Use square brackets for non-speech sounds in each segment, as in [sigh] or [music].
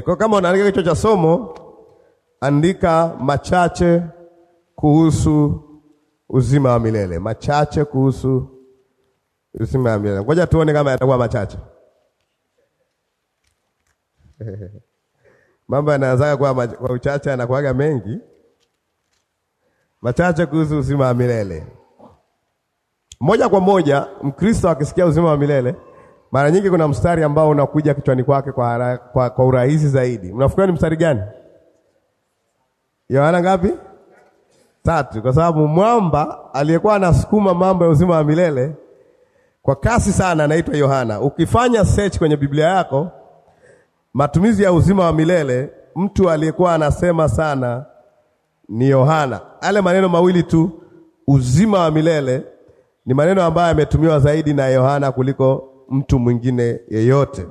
Kwa kama unaandika kichwa cha somo, andika machache kuhusu uzima wa milele, machache kuhusu uzima wa milele. Ngoja tuone kama yatakuwa machache. [laughs] Mambo yanaanza kwa, kwa uchache yanakuwaga mengi. Machache kuhusu uzima wa milele. Moja kwa moja Mkristo akisikia uzima wa milele mara nyingi kuna mstari ambao unakuja kichwani kwake kwa, kwa, kwa urahisi zaidi. Mnafikiri ni mstari gani? Yohana ngapi? Tatu, kwa sababu mwamba aliyekuwa anasukuma mambo ya uzima wa milele kwa kasi sana anaitwa Yohana. Ukifanya search kwenye Biblia yako matumizi ya uzima wa milele, mtu aliyekuwa anasema sana ni Yohana. Ale maneno mawili tu, uzima wa milele, ni maneno ambayo yametumiwa zaidi na Yohana kuliko mtu mwingine yeyote.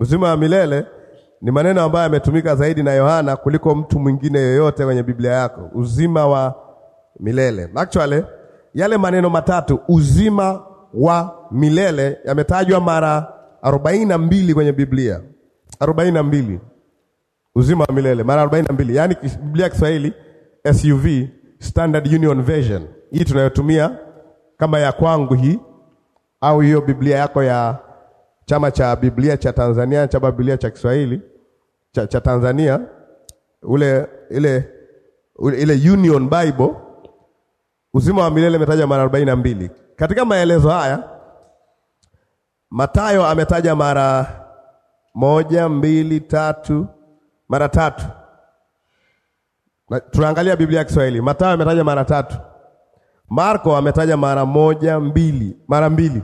Uzima wa milele ni maneno ambayo yametumika zaidi na Yohana kuliko mtu mwingine yeyote kwenye Biblia yako. Uzima wa milele, actually yale maneno matatu uzima wa milele yametajwa mara arobaini na mbili kwenye Biblia, arobaini na mbili uzima wa milele mara arobaini na mbili yaani Biblia ya Kiswahili SUV Standard Union Version hii tunayotumia kama ya kwangu hii au hiyo Biblia yako ya chama cha Biblia cha Tanzania, chama Biblia cha Kiswahili cha, cha Tanzania ule ile ile Union Bible uzima wa milele umetaja mara arobaini na mbili katika maelezo haya. Matayo ametaja mara moja, mbili, tatu, mara tatu. Tunaangalia Biblia ya Kiswahili, Matayo ametaja mara tatu. Marko ametaja mara moja mbili, mara mbili.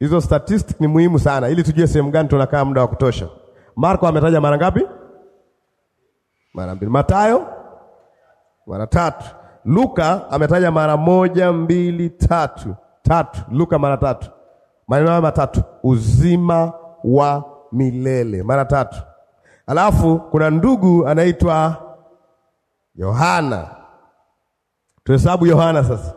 Hizo statistics ni muhimu sana ili tujue sehemu gani tunakaa muda wa kutosha. Marko ametaja mara ngapi? Mara mbili. Matayo mara tatu. Luka ametaja mara moja mbili tatu, tatu. Luka mara tatu, maneno hayo matatu, uzima wa milele mara tatu. Alafu kuna ndugu anaitwa Yohana Tuhesabu Yohana sasa.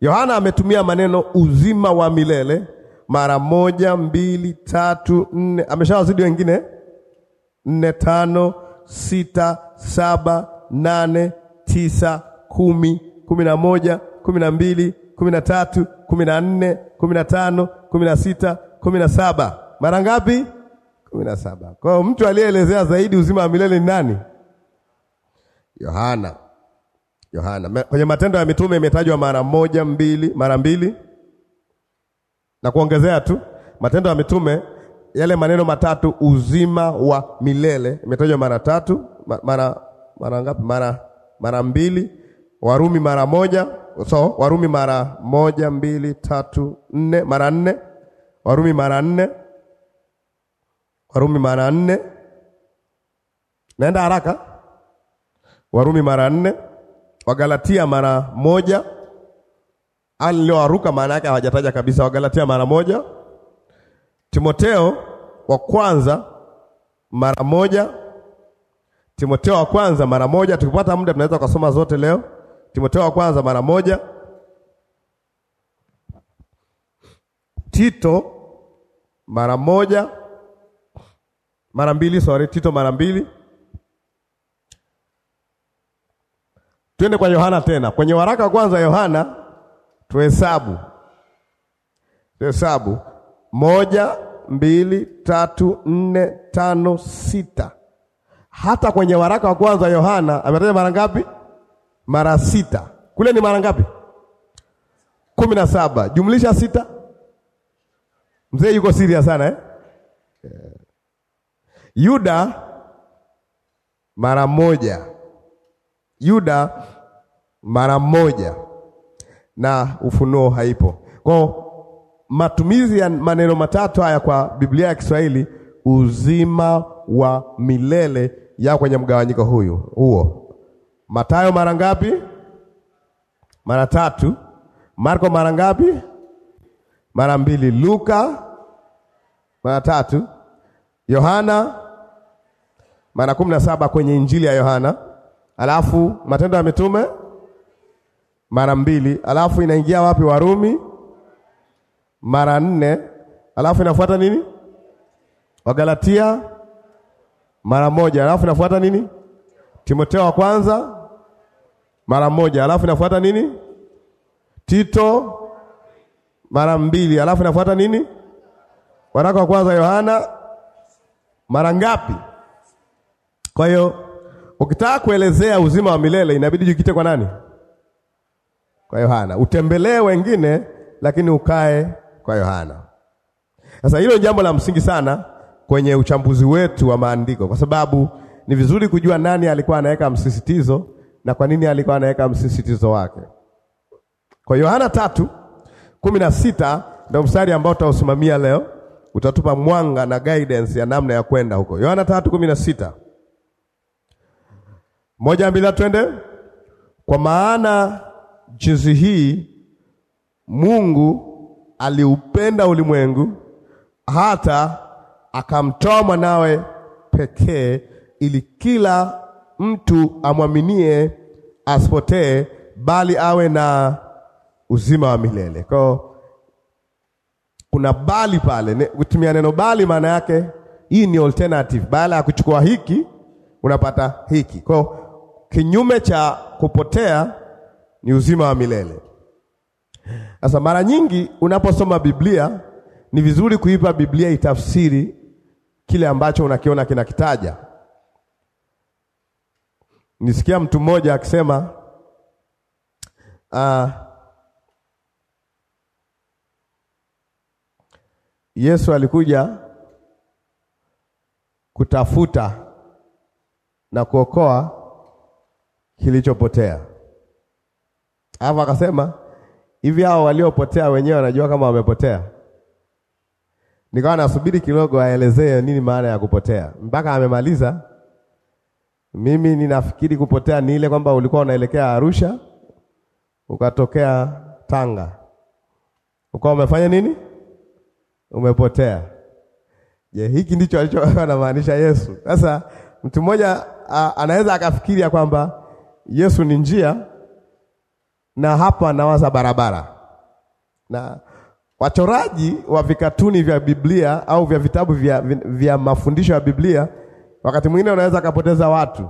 Yohana ametumia maneno uzima wa milele mara moja, mbili, tatu, nne. Ameshawazidi wengine nne, tano, sita, saba, nane, tisa, kumi, kumi na moja, kumi na mbili, kumi na tatu, kumi na nne, kumi na tano, kumi na sita, kumi na saba. Mara ngapi? kumi na saba. Kwa hiyo mtu aliyeelezea zaidi uzima wa milele ni nani? Yohana. Yohana. Kwenye Matendo ya Mitume imetajwa mara moja mbili, mara mbili na kuongezea tu. Matendo ya Mitume yale maneno matatu, uzima wa milele imetajwa mara tatu, mara mara ngapi? Mara mara mbili. Warumi mara moja, so Warumi mara moja mbili tatu nne, mara nne. Warumi mara nne, Warumi mara nne. Naenda haraka. Warumi mara nne Wagalatia mara moja alilowaruka, maana yake hawajataja kabisa. Wagalatia mara moja, Timoteo wa kwanza mara moja, Timoteo wa kwanza mara moja. Tukipata muda tunaweza kusoma zote leo. Timoteo wa kwanza mara moja, Tito mara moja, mara mbili, sorry, Tito mara mbili Twende kwa Yohana tena, kwenye waraka wa kwanza Yohana, tuhesabu tuhesabu moja, mbili, tatu, nne, tano, sita. Hata kwenye waraka wa kwanza Yohana ametaja mara ngapi? Mara sita. Kule ni mara ngapi? kumi na saba jumlisha sita. Mzee yuko siria sana eh? eh? Yuda mara moja Yuda mara moja na ufunuo haipo. Kwa matumizi ya maneno matatu haya kwa Biblia ya Kiswahili, uzima wa milele yao kwenye mgawanyiko huyu huo. Matayo mara ngapi? Mara tatu. Marko mara ngapi? Mara mbili. Luka mara tatu. Yohana mara kumi na saba kwenye Injili ya Yohana alafu Matendo ya Mitume mara mbili, alafu inaingia wapi? Warumi mara nne, alafu inafuata nini? Wagalatia mara moja, alafu inafuata nini? timoteo wa kwanza mara moja, alafu inafuata nini? Tito mara mbili, alafu inafuata nini? Waraka wa kwanza Yohana mara ngapi? Kwa hiyo Ukitaka kuelezea uzima wa milele inabidi jikite kwa nani? Kwa Yohana. Utembelee wengine lakini ukae kwa Yohana. Sasa hilo ni jambo la msingi sana kwenye uchambuzi wetu wa maandiko, kwa sababu ni vizuri kujua nani alikuwa anaweka msisitizo na kwa nini alikuwa anaweka msisitizo wake. Kwa Yohana tatu kumi na sita ndio mstari ambao tutausimamia leo, utatupa mwanga na guidance ya namna ya kwenda huko. Yohana tatu kumi na sita moja mbili, twende. Kwa maana jinsi hii Mungu aliupenda ulimwengu hata akamtoa mwanawe pekee, ili kila mtu amwaminie asipotee, bali awe na uzima wa milele. Kwa kuna bali pale, kutumia neno bali, maana yake hii ni alternative. Baada ya kuchukua hiki unapata hiki. Kwa kinyume cha kupotea ni uzima wa milele. Sasa mara nyingi unaposoma Biblia ni vizuri kuipa Biblia itafsiri kile ambacho unakiona kinakitaja. Nisikia mtu mmoja akisema uh, Yesu alikuja kutafuta na kuokoa kilichopotea. Alafu akasema hivi, hao waliopotea wenyewe wanajua kama wamepotea. Nikawa nasubiri kidogo aelezee nini maana ya kupotea, mpaka amemaliza. Mimi ninafikiri kupotea ni ile kwamba ulikuwa unaelekea Arusha ukatokea Tanga, ukawa umefanya nini? Umepotea. Je, hiki ndicho alichokuwa anamaanisha Yesu? Sasa mtu mmoja anaweza akafikiria kwamba Yesu ni njia, na hapa anawaza barabara. Na wachoraji wa vikatuni vya Biblia au vya vitabu vya, vya mafundisho ya Biblia wakati mwingine unaweza akapoteza watu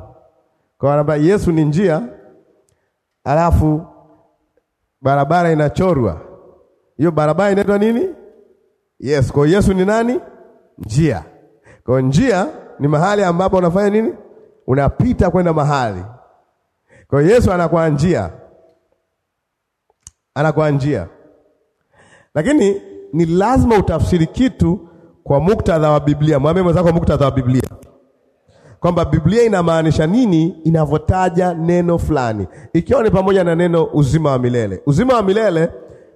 kwa sababu Yesu ni njia, alafu barabara inachorwa. Hiyo barabara inaitwa nini? Yes. Kwa Yesu ni nani? Njia. Kwa njia ni mahali ambapo unafanya nini? Unapita kwenda mahali kwa hiyo Yesu anakuwa njia, anakuwa njia, lakini ni lazima utafsiri kitu kwa muktadha wa Biblia. Mwambie mwenzako muktadha wa Biblia kwamba Biblia inamaanisha nini inavyotaja neno fulani, ikiwa ni pamoja na neno uzima wa milele. Uzima wa milele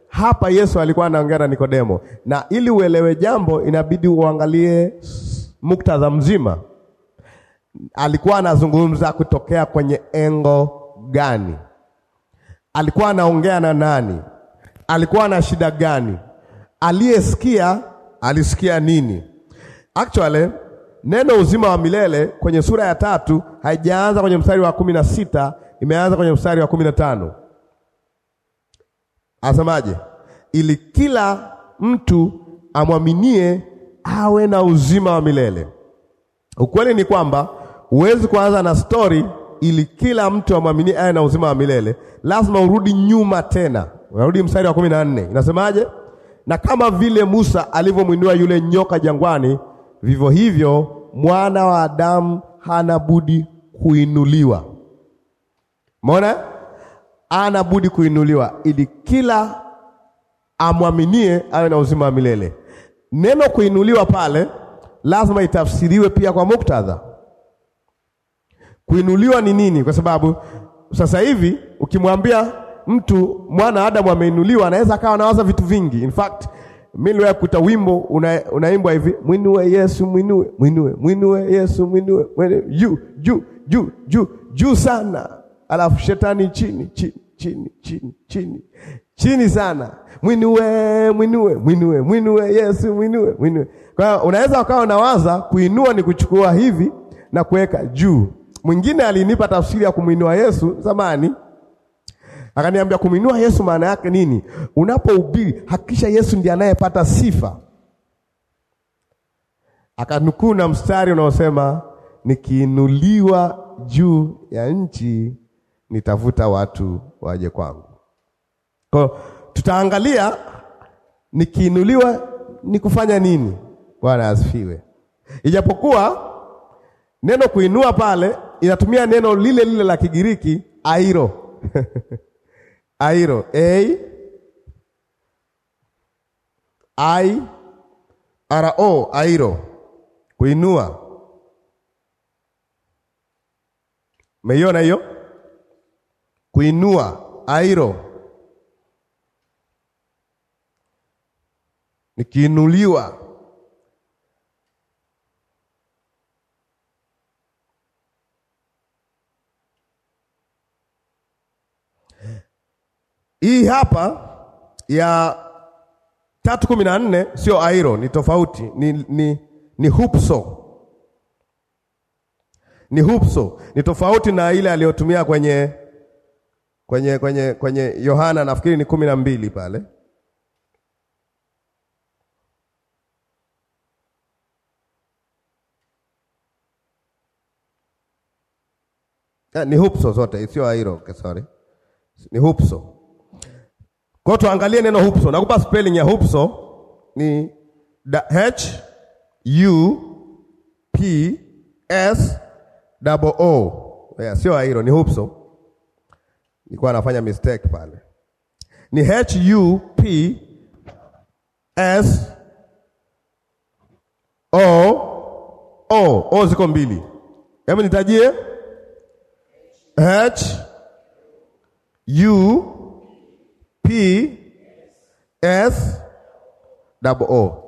hapa Yesu alikuwa anaongea na Nikodemo, na ili uelewe jambo inabidi uangalie muktadha mzima. Alikuwa anazungumza kutokea kwenye engo gani? Alikuwa anaongea na nani? Alikuwa na shida gani? Aliyesikia alisikia nini? Actually, neno uzima wa milele kwenye sura ya tatu haijaanza kwenye mstari wa kumi na sita imeanza kwenye mstari wa kumi na tano Asemaje? Ili kila mtu amwaminie awe na uzima wa milele. Ukweli ni kwamba huwezi kuanza na stori ili kila mtu amwaminie aye na uzima wa milele. Lazima urudi nyuma tena, unarudi mstari wa kumi na nne inasemaje? Na kama vile Musa alivyomwinua yule nyoka jangwani, vivyo hivyo mwana wa Adamu hana budi kuinuliwa. mona ana budi kuinuliwa ili kila amwaminie awe na uzima wa milele. Neno kuinuliwa pale lazima itafsiriwe pia kwa muktadha Kuinuliwa ni nini? Kwa sababu sasa hivi ukimwambia mtu mwana Adamu ameinuliwa, anaweza akawa anawaza vitu vingi. In fact mimi niliwahi kukuta wimbo unaimbwa una hivi, mwinue Yesu, mwinue, mwinue, mwinue Yesu, mwinue, mwinue juu juu juu juu juu sana, alafu shetani chini chini chini chini chini chini sana, mwinue mwinue mwinue mwinue Yesu, mwinue mwinue. Kwa hiyo unaweza ukawa unawaza kuinua ni kuchukua hivi na kuweka juu Mwingine alinipa tafsiri ya kumwinua Yesu zamani, akaniambia kumwinua Yesu maana yake nini? Unapohubiri hakikisha Yesu ndiye anayepata sifa. Akanukuu na mstari unaosema nikiinuliwa juu ya nchi nitavuta watu waje kwangu. Kwa tutaangalia nikiinuliwa ni kufanya nini? Bwana asifiwe. Ijapokuwa neno kuinua pale inatumia neno lile lile la Kigiriki airo [laughs] airo a i r o airo, kuinua. Meiona hiyo? Kuinua airo, nikiinuliwa Hii hapa ya tatu kumi na nne sio airo, ni tofauti, ni, ni, ni hupso ni hupso, ni tofauti na ile aliyotumia kwenye kwenye kwenye kwenye Yohana, nafikiri ni kumi na mbili pale eh, ni hupso zote, sio airo. sorry, ni hupso kwa tuangalie neno hupso. Nakupa spelling ya hupso ni H U P S O O. Yeah, sio hilo ni hupso. Nilikuwa nafanya mistake pale. Ni H U P S O O. O ziko mbili. Hebu nitajie H U P S double O.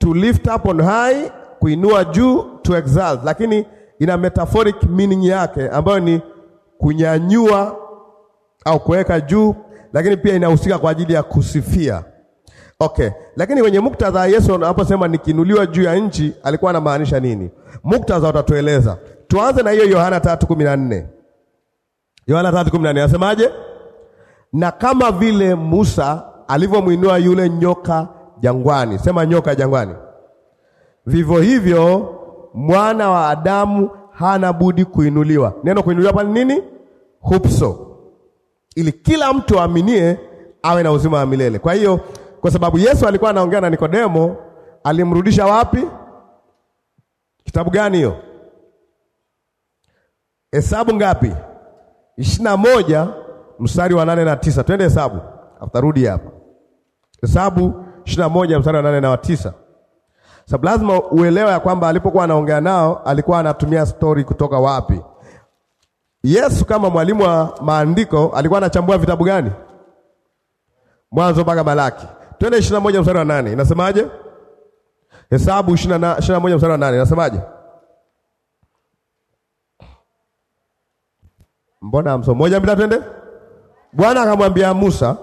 To lift up on high, kuinua juu, to exalt, lakini ina metaphoric meaning yake ambayo ni kunyanyua au kuweka juu, lakini pia inahusika kwa ajili ya kusifia. Okay, lakini kwenye muktadha Yesu anaposema nikiinuliwa juu ya nchi alikuwa anamaanisha nini? Muktadha utatueleza. Tuanze na hiyo Yohana 3:14. Yohana 3:14 anasemaje? na kama vile Musa alivyomwinua yule nyoka jangwani, sema nyoka jangwani, vivyo hivyo mwana wa Adamu hana budi kuinuliwa. Neno kuinuliwa pale nini? Hupso, ili kila mtu aaminie awe na uzima wa milele. Kwa hiyo, kwa sababu Yesu alikuwa anaongea na Nikodemo, alimrudisha wapi? Kitabu gani hiyo? Hesabu ngapi? ishirini na moja mstari wa nane na tisa. Twende hesabu, atarudi hapa. Hesabu ishirini na moja mstari wa nane na wa tisa. Sababu lazima uelewe ya kwamba alipokuwa anaongea nao alikuwa anatumia stori kutoka wapi? Yesu kama mwalimu wa maandiko alikuwa anachambua vitabu gani? Mwanzo mpaka Malaki. Twende ishirini na moja mstari wa nane inasemaje? Hesabu ishirini na moja mstari wa nane inasemaje? Mbona amso moja mbili twende Bwana akamwambia Musa,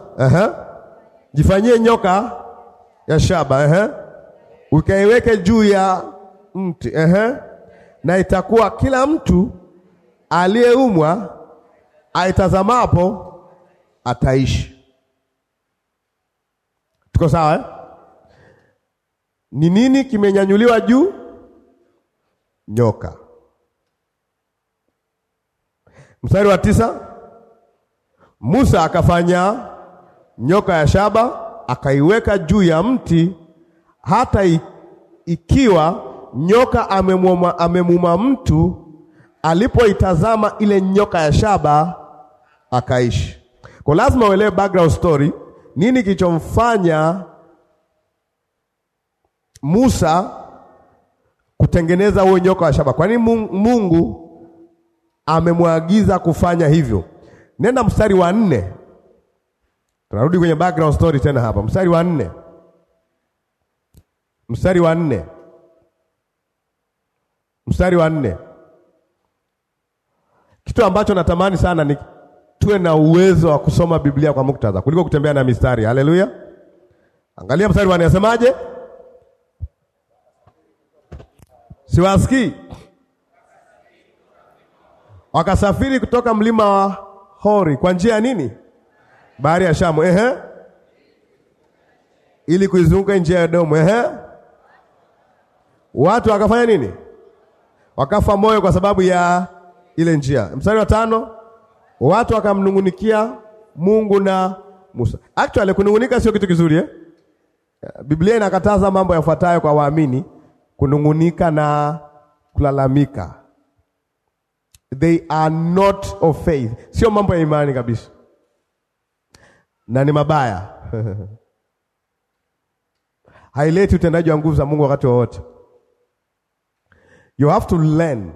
jifanyie nyoka ya shaba, ukaiweke juu ya mti, aha, na itakuwa kila mtu aliyeumwa aitazamapo ataishi. Tuko sawa eh? Ni nini kimenyanyuliwa juu? Nyoka. Mstari wa tisa Musa akafanya nyoka ya shaba akaiweka juu ya mti, hata ikiwa nyoka amemuma, amemuma mtu, alipoitazama ile nyoka ya shaba akaishi. Kwa lazima uelewe background story, nini kilichomfanya Musa kutengeneza huo nyoka wa shaba? Kwa nini Mungu amemwagiza kufanya hivyo? nenda mstari wa nne. Tunarudi kwenye background story tena hapa, mstari wa nne, mstari wa nne, mstari wa nne. Kitu ambacho natamani sana ni tuwe na uwezo wa kusoma Biblia kwa muktadha kuliko kutembea na mistari. Haleluya! Angalia mstari wa nne, asemaje? Siwasikii wakasafiri kutoka mlima wa Hori kwa njia ya nini? Bahari ya Shamu. Ehe, ili kuizunguka njia ya Edomu. Ehe, watu wakafanya nini? Wakafa moyo kwa sababu ya ile njia. Mstari wa tano, watu wakamnungunikia Mungu na Musa. Actually kunungunika sio kitu kizuri eh? Biblia inakataza mambo yafuatayo kwa waamini: kunungunika na kulalamika. They are not of faith. Sio mambo ya imani kabisa, na ni mabaya [laughs] haileti utendaji wa nguvu za Mungu wakati wowote. You have to learn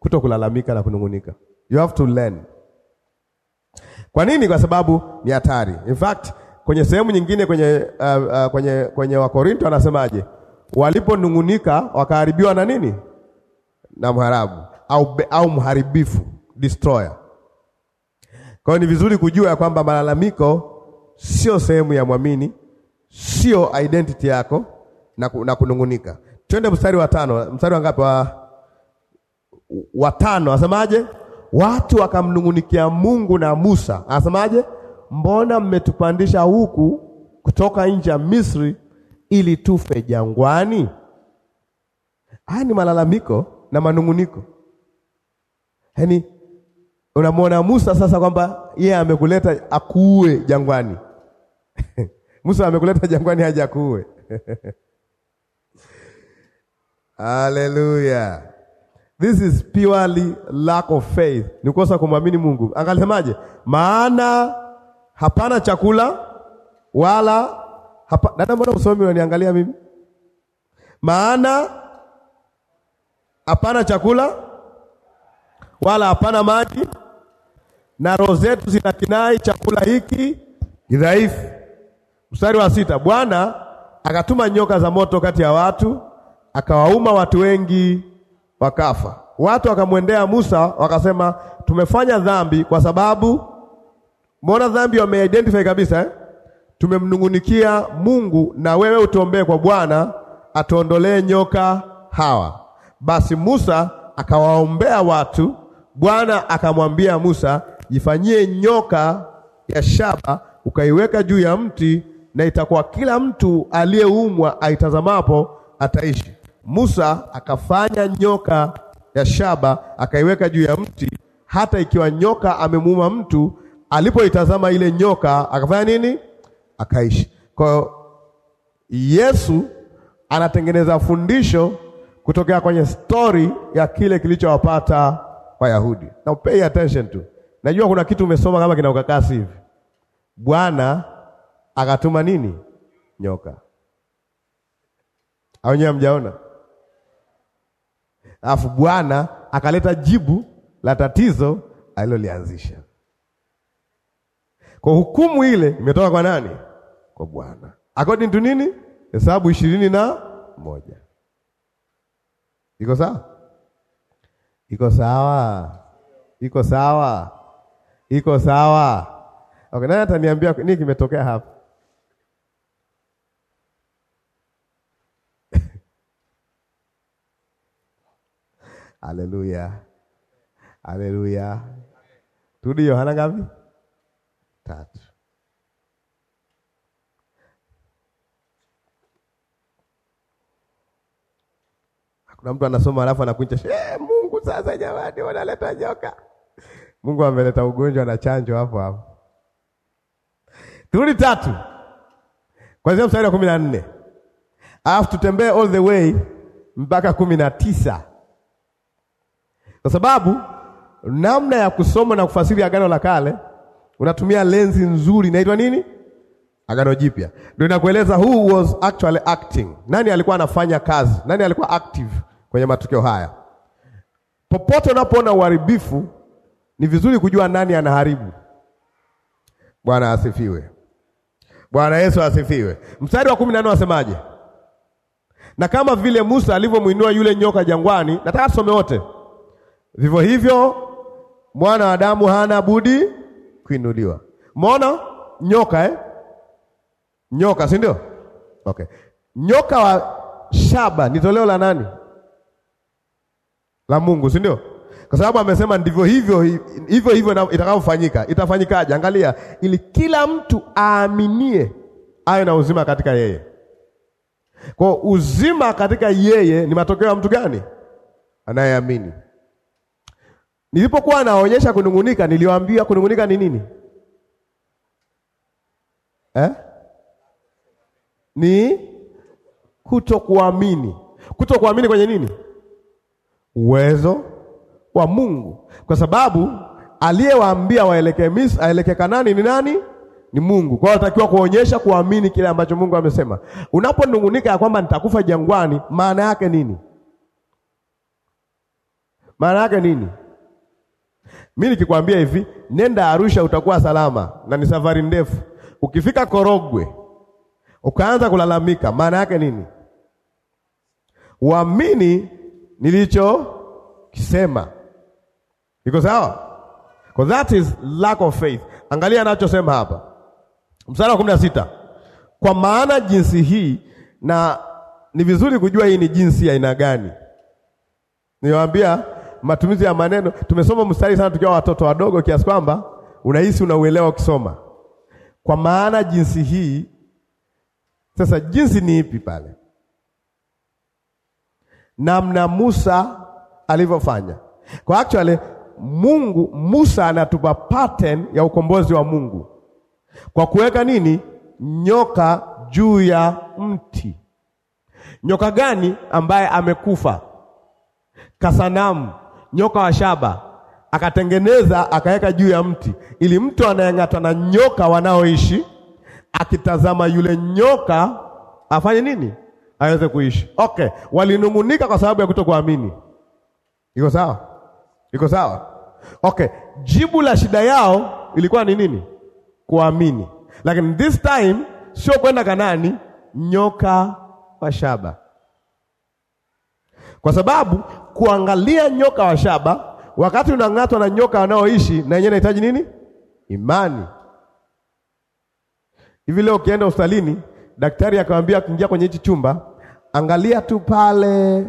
kuto kulalamika na kunungunika. You have to learn. Kwa nini? Kwa sababu ni hatari. In fact, kwenye sehemu nyingine kwenye, uh, uh, kwenye, kwenye Wakorinto anasemaje? Waliponungunika wakaharibiwa na nini? Na mharabu au, au mharibifu destroyer. Kwa hiyo ni vizuri kujua ya kwamba malalamiko sio sehemu ya mwamini, sio identity yako na, na kunungunika. Twende mstari wa tano. Mstari wa ngapi? Wa tano asemaje? Watu wakamnungunikia Mungu na Musa, asemaje Mbona mmetupandisha huku kutoka nje ya Misri ili tufe jangwani? Haya ni malalamiko na manunguniko. Yaani unamwona Musa sasa kwamba yeye yeah, amekuleta akuue jangwani. [laughs] Musa amekuleta jangwani haja akuue. [laughs] Hallelujah. This is purely lack of faith. Ni kosa kumwamini Mungu. angalisemaje Maana hapana chakula wala hapa... Dada, mbona usomi unaniangalia mimi? Maana hapana chakula wala hapana maji, na roho zetu zinakinai chakula hiki kidhaifu. Mstari wa sita, Bwana akatuma nyoka za moto kati ya watu, akawauma watu wengi wakafa. Watu wakamwendea Musa wakasema, tumefanya dhambi kwa sababu mbona dhambi wameidentify kabisa eh? Tumemnungunikia Mungu na wewe utuombee kwa Bwana atuondolee nyoka hawa. Basi Musa akawaombea watu Bwana akamwambia Musa, jifanyie nyoka ya shaba ukaiweka juu ya mti, na itakuwa kila mtu aliyeumwa aitazamapo ataishi. Musa akafanya nyoka ya shaba akaiweka juu ya mti, hata ikiwa nyoka amemuuma mtu, alipoitazama ile nyoka akafanya nini? Akaishi. Kwa hiyo Yesu anatengeneza fundisho kutokea kwenye stori ya kile kilichowapata Wayahudi. Now pay attention to. Najua kuna kitu umesoma kama kina ukakasi hivi. Bwana akatuma nini? Nyoka. Au nyewe mjaona? Alafu Bwana akaleta jibu la tatizo alilolianzisha. Kwa hukumu ile imetoka kwa nani? Kwa Bwana. According to nini? Hesabu ishirini na moja. Iko sawa? Iko sawa? Iko sawa? Iko sawa? Okay, nani ataniambia nini kimetokea hapa? [laughs] Haleluya. Haleluya. Turudi Yohana ngapi? Tatu. Hakuna mtu anasoma alafu anakunja shemu Mungu sasa, jamani, wanaleta nyoka. Mungu ameleta ugonjwa na chanjo hapo hapo. Turudi tatu kwanzia mstari wa kumi na nne alafu tutembee all the way mpaka kumi na tisa kwa sababu namna ya kusoma na kufasiri Agano la Kale unatumia lenzi nzuri inaitwa nini? Agano Jipya. Ndio inakueleza who was actually acting, nani alikuwa anafanya kazi, nani alikuwa active kwenye matukio haya. Popote unapoona uharibifu ni vizuri kujua nani anaharibu. Bwana asifiwe. Bwana Yesu asifiwe. Mstari wa kumi na nne wasemaje? Na kama vile Musa alivyomwinua yule nyoka jangwani, nataka tusome wote. Vivyo hivyo mwana wa Adamu hana budi kuinuliwa. Umeona nyoka eh? Nyoka si ndio? Okay. Nyoka wa shaba ni toleo la nani? la Mungu, si ndio? Kwa sababu amesema ndivyo hivyo hivyo hivyo itakavyofanyika. Itafanyikaje? Angalia, ili kila mtu aaminie awe na uzima katika yeye. Kwa uzima katika yeye ni matokeo ya mtu gani? Anayeamini. Nilipokuwa naonyesha kunungunika, niliwaambia kunungunika ni nini eh? Ni kutokuamini. Kutokuamini kwenye nini? uwezo wa Mungu, kwa sababu aliyewaambia waelekee Misri, aelekee Kanani ni nani? Ni Mungu. Kwa hiyo kuonyesha kuamini kile ambacho Mungu amesema. Unaponungunika ya kwamba nitakufa jangwani, maana yake nini? Maana yake nini? Mimi nikikwambia hivi, nenda Arusha utakuwa salama, na ni safari ndefu. Ukifika Korogwe ukaanza kulalamika, maana yake nini? Uamini nilichokisema. Iko sawa? Kwa that is lack of faith. Angalia anachosema hapa mstari wa kumi na sita kwa maana jinsi hii, na ni vizuri kujua hii ni jinsi ya aina gani. Niwaambia matumizi ya maneno, tumesoma mstari sana tukiwa watoto wadogo, kiasi kwamba unahisi unauelewa ukisoma. Kwa maana jinsi hii, sasa jinsi ni ipi pale? namna Musa alivyofanya. Kwa actually Mungu Musa anatupa pattern ya ukombozi wa Mungu kwa kuweka nini? Nyoka juu ya mti. Nyoka gani ambaye amekufa kasanamu, nyoka wa shaba akatengeneza akaweka juu ya mti, ili mtu anayeng'atwa na nyoka wanaoishi akitazama yule nyoka afanye nini? aweze kuishi. Okay, walinung'unika kwa sababu ya kutokuamini. Iko sawa? Iko sawa? Okay, jibu la shida yao ilikuwa ni nini? Kuamini. Lakini this time sio kwenda Kanani, nyoka wa shaba, kwa sababu kuangalia nyoka wa shaba wakati unang'atwa na nyoka wanaoishi na yenyewe inahitaji nini? Imani. Hivi leo ukienda hospitalini Daktari akamwambia kuingia kwenye hichi chumba, angalia tu pale,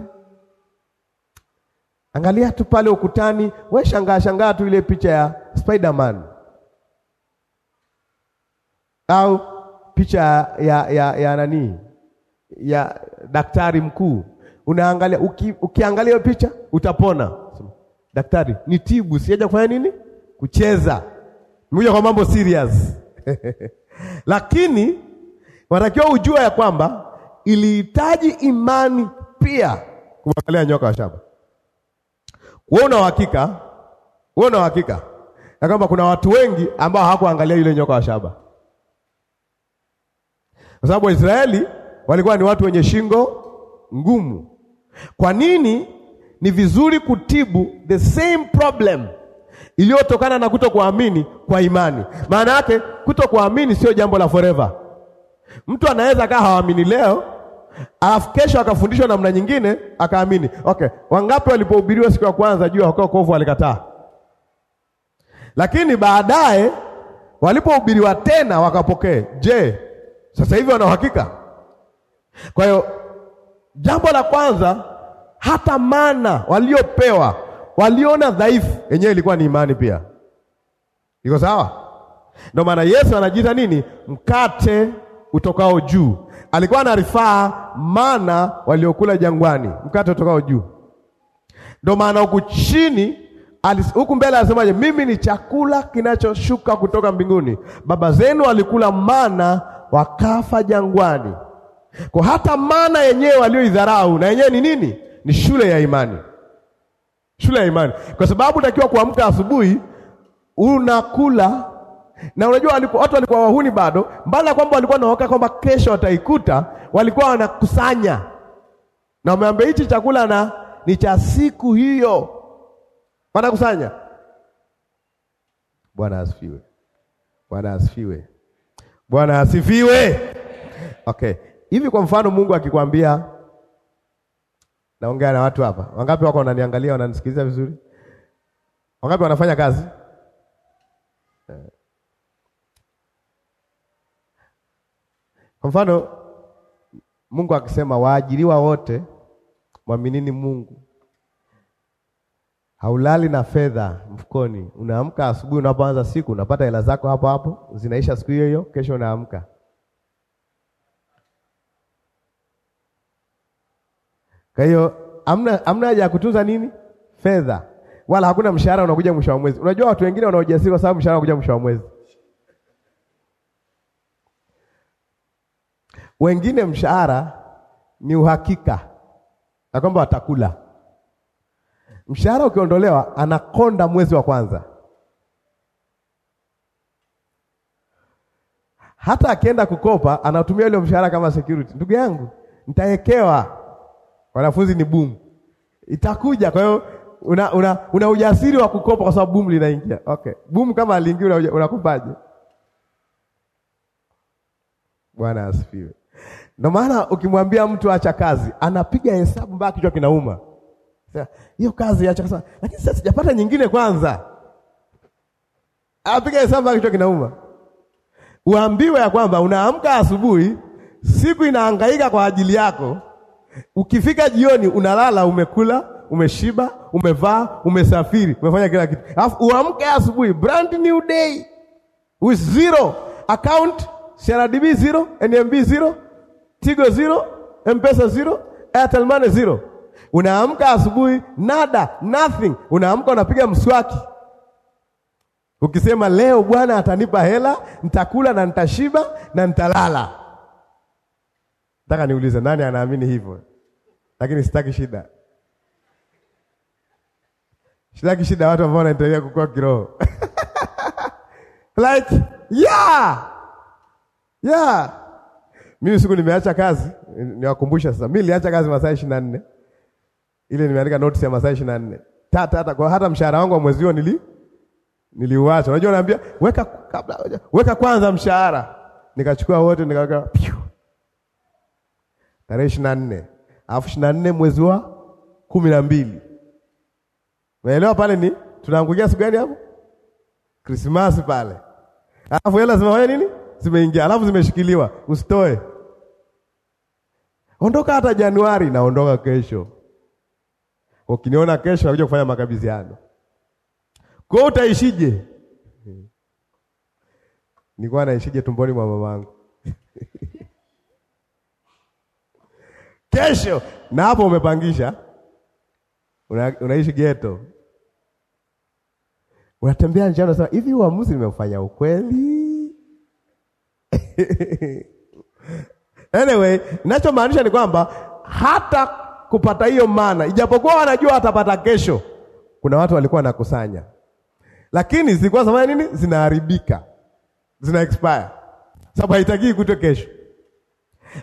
angalia tu pale ukutani, we shangaa shangaa tu ile picha ya Spider-Man au picha ya, ya, ya nani ya daktari mkuu unaangalia uki, ukiangalia hiyo picha utapona. Daktari ni tibu, sijaja kufanya nini, kucheza, mmoja kwa mambo serious [laughs] lakini Unatakiwa ujua ya kwamba ilihitaji imani pia kumwangalia nyoka wa shaba. Wewe una uhakika, wewe una uhakika ya kwamba kuna watu wengi ambao hawakuangalia yule nyoka wa shaba, kwa sababu Waisraeli walikuwa ni watu wenye shingo ngumu. Kwa nini ni vizuri kutibu the same problem iliyotokana na kutokuamini kwa imani? Maana yake kutokuamini sio jambo la forever. Mtu anaweza kaa hawaamini leo, alafu kesho akafundishwa namna nyingine akaamini. Okay, wangapi walipohubiriwa siku ya kwanza juu ya wokovu walikataa, lakini baadaye walipohubiriwa tena wakapokea. Je, sasa hivi wana uhakika? Kwa hiyo jambo la kwanza, hata mana waliopewa waliona dhaifu, yenyewe ilikuwa ni imani pia. Iko sawa? Ndio maana Yesu anajiita nini? Mkate utokao juu. Alikuwa anarifaa mana waliokula jangwani, mkate utokao juu. Ndio maana huku chini huku mbele alisemaje Mimi ni chakula kinachoshuka kutoka mbinguni. Baba zenu walikula mana wakafa jangwani. Kwa hata mana yenyewe walioidharau, na yenyewe ni nini? Ni shule ya imani, shule ya imani, kwa sababu utakiwa kuamka asubuhi unakula na unajua waliku, watu walikuwa wahuni bado, mbali ya kwamba walikuwa naoka kwamba kesho wataikuta, walikuwa wanakusanya na umeambia hichi chakula na ni cha siku hiyo, wanakusanya. Bwana asifiwe! Bwana asifiwe! Bwana asifiwe! Okay, hivi kwa mfano, Mungu akikwambia, naongea na watu hapa, wangapi wako wananiangalia, wananisikiliza vizuri? Wangapi wanafanya kazi? Kwa mfano Mungu akisema waajiriwa wote mwaminini Mungu, haulali na fedha mfukoni. Unaamka asubuhi, unapoanza siku unapata hela zako hapo hapo, zinaisha siku hiyo hiyo, kesho unaamka. Kwa hiyo amna amna haja ya kutunza nini fedha, wala hakuna mshahara unakuja mwisho wa mwezi. Unajua watu wengine wanaojasiri kwa sababu mshahara unakuja mwisho wa mwezi Wengine mshahara ni uhakika na kwamba watakula. Mshahara ukiondolewa, anakonda mwezi wa kwanza. Hata akienda kukopa, anatumia ile mshahara kama security. Ndugu yangu, nitaekewa Wanafunzi ni boom, itakuja. Kwa hiyo una, una, una ujasiri wa kukopa kwa sababu boom linaingia. Okay, boom kama aliingia, unakopaje? Bwana asifiwe. Ndio maana ukimwambia mtu acha kazi, anapiga hesabu mpaka kichwa kinauma. Sasa hiyo kazi acha kazi, lakini sasa sijapata nyingine kwanza. Anapiga hesabu mpaka kichwa kinauma. Uambiwe ya kwamba unaamka asubuhi, siku inahangaika kwa ajili yako. Ukifika jioni unalala, umekula, umeshiba, umevaa, umesafiri, umefanya kila kitu. Alafu uamke asubuhi, brand new day with zero account, CRDB zero, NMB zero Tigo zero, Mpesa zero, Airtel Money zero. Unaamka asubuhi nada, nothing. Unaamka unapiga mswaki ukisema leo Bwana atanipa hela, nitakula na nitashiba na nitalala. Nataka niulize nani anaamini hivyo? Lakini sitaki shida, sitaki shida, watu ambao wanaendelea kukua kiroho [laughs] like yeah, yeah. Mimi siku nimeacha kazi, niwakumbusha sasa. Mimi niliacha kazi masaa 24. Ile nimeandika notice ya masaa 24. Tata hata kwa hata mshahara wangu wa mwezi huo nili niliuacha. Unajua naambia weka kabla weka kwanza mshahara. Nikachukua wote nikaweka piu. Tarehe 24. Alafu 24 mwezi wa 12. Unaelewa pale ni tunaangukia siku gani hapo? Krismasi pale. Alafu yeye lazima wae nini? zimeingia, alafu zimeshikiliwa, usitoe. Ondoka hata Januari, naondoka kesho. Ukiniona kesho nakuja kufanya makabidhiano. Kwa utaishije? Nilikuwa naishije tumboni mwa mamangu? [laughs] Kesho na hapo umepangisha, una, unaishi ghetto, unatembea njiani, unasema hivi, uamuzi nimeufanya ukweli? [laughs] Anyway, ninachomaanisha ni kwamba hata kupata hiyo mana, ijapokuwa wanajua watapata kesho, kuna watu walikuwa wanakusanya, lakini zilikuwa zamani nini, zinaharibika, zina expire, sababu haitakii ikutwe kesho.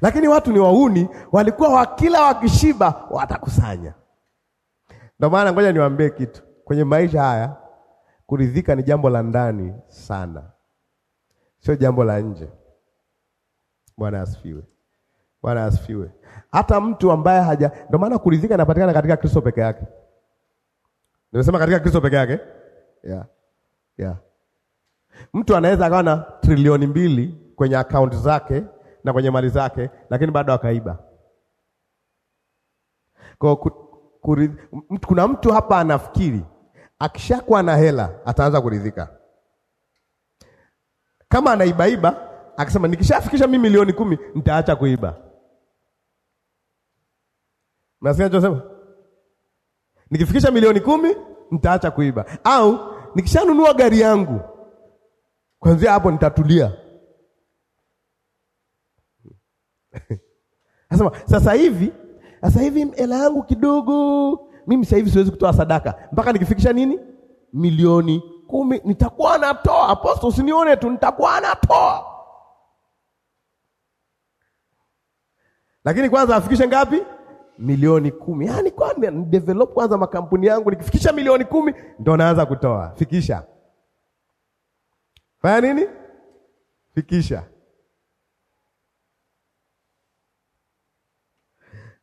Lakini watu ni wauni, walikuwa wakila wakishiba watakusanya. Ndio maana ngoja niwaambie kitu, kwenye maisha haya kuridhika ni jambo la ndani sana sio jambo la nje. Bwana asifiwe. Bwana asifiwe. Hata mtu ambaye haja, ndio maana kuridhika inapatikana katika Kristo peke yake. Nimesema katika Kristo peke yake yeah. Yeah. Mtu anaweza akawa na trilioni mbili kwenye akaunti zake na kwenye mali zake, lakini bado akaiba. Kwa kuna mtu hapa anafikiri akishakuwa na hela ataanza kuridhika kama anaibaiba akasema nikishafikisha mi milioni kumi nitaacha kuiba. Nasikia chosema nikifikisha milioni kumi nitaacha kuiba, au nikishanunua gari yangu, kwanzia hapo nitatulia. Anasema [laughs] sasa hivi, sasa hivi hela yangu kidogo mimi, sasa hivi siwezi kutoa sadaka mpaka nikifikisha nini, milioni kumi, nitakuwa natoa. Aposto, usinione tu, nitakuwa natoa. Lakini kwanza afikishe ngapi? Milioni kumi. Yaani kwanza develop kwanza makampuni yangu, nikifikisha milioni kumi ndo naanza kutoa. Fikisha, fanya nini? Fikisha.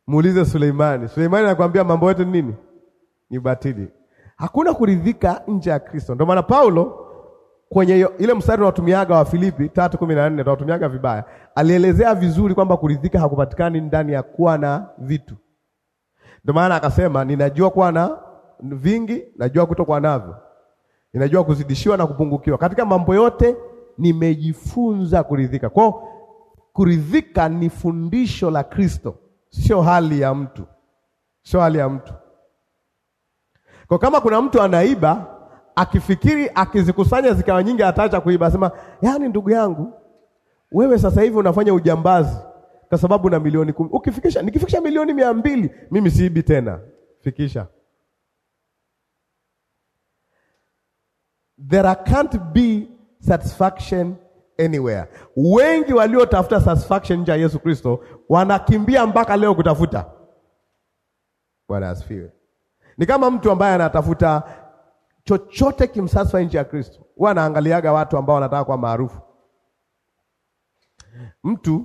Muulize Suleimani. Suleimani anakuambia mambo yote nini? Ni batili. Hakuna kuridhika nje ya Kristo. Ndio maana Paulo kwenye ile mstari tunatumiaga wa Filipi 3:14 tunatumiaga vibaya, alielezea vizuri kwamba kuridhika hakupatikani ndani ya kuwa na vitu. Ndio maana akasema, ninajua kuwa na vingi, najua kutokuwa navyo, ninajua kuzidishiwa na kupungukiwa, katika mambo yote nimejifunza kuridhika. Kwao kuridhika ni fundisho la Kristo, sio hali ya mtu, sio hali ya mtu. Kwa kama kuna mtu anaiba akifikiri akizikusanya zikawa nyingi ataacha kuiba, sema yaani, ndugu yangu wewe sasa hivi unafanya ujambazi kwa sababu na milioni kumi ukifikisha, nikifikisha milioni mia mbili mimi siibi tena, fikisha. There can't be satisfaction anywhere. Wengi waliotafuta satisfaction nje ya Yesu Kristo wanakimbia mpaka leo kutafuta. Bwana asifiwe. Ni kama mtu ambaye anatafuta chochote kimsasa nje ya Kristo. Huwa anaangaliaga watu ambao wanataka kuwa maarufu. Mtu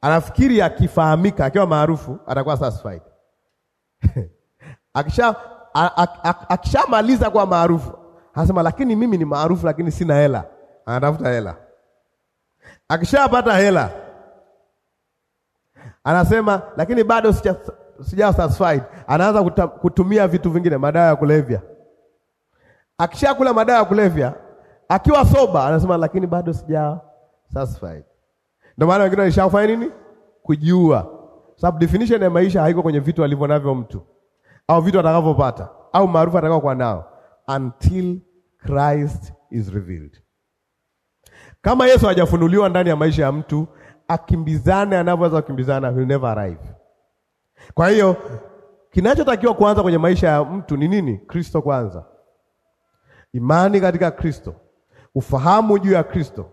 anafikiri akifahamika, akiwa maarufu atakuwa satisfied [laughs] akisha akishamaliza kuwa maarufu anasema, lakini mimi ni maarufu, lakini sina hela. Anatafuta hela, akishapata hela anasema, lakini bado sija sija satisfied, anaanza kutumia vitu vingine, madawa ya kulevya. Akishakula madawa ya kulevya, akiwa soba, anasema lakini bado sija satisfied. Ndio maana wengine walishafanya nini? Kujiua. Sababu definition ya maisha haiko kwenye vitu alivyo navyo mtu au vitu atakavyopata au maarufu atakayokuwa nao until Christ is revealed. Kama Yesu hajafunuliwa ndani ya maisha ya mtu, akimbizane anavyoweza kukimbizana, will never arrive. Kwa hiyo kinachotakiwa kuanza kwenye maisha ya mtu ni nini? Kristo kwanza, imani katika Kristo, ufahamu juu ya Kristo,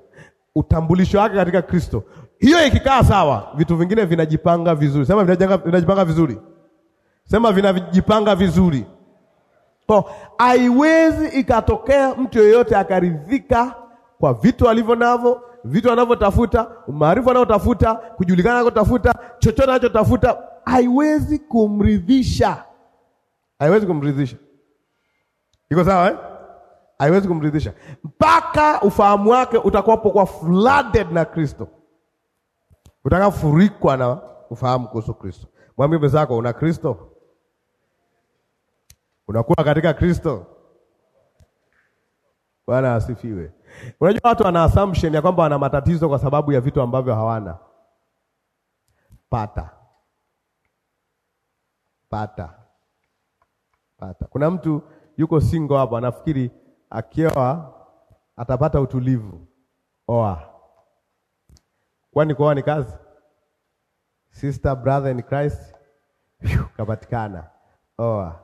utambulisho wake katika Kristo. Hiyo ikikaa sawa, vitu vingine vinajipanga vizuri. Sema vinajipanga, vinajipanga vizuri. Sema vinajipanga vizuri. Kwa haiwezi ikatokea mtu yeyote akaridhika kwa vitu alivyo navyo, vitu anavyotafuta, maarifa anayotafuta, kujulikana anayotafuta, chochote anachotafuta haiwezi kumridhisha, haiwezi kumridhisha. Iko sawa eh? Haiwezi kumridhisha mpaka ufahamu wake utakapokuwa flooded na Kristo, utakafurikwa na ufahamu kuhusu Kristo. Mwambie mwenzako, una Kristo, unakuwa katika Kristo. Bwana asifiwe. Unajua watu wana assumption ya kwamba wana matatizo kwa sababu ya vitu ambavyo hawana pata pata pata. Kuna mtu yuko single hapo, anafikiri akioa atapata utulivu. Oa, kwani kuoa ni kazi? Sister, brother in Christ, kapatikana. Oa,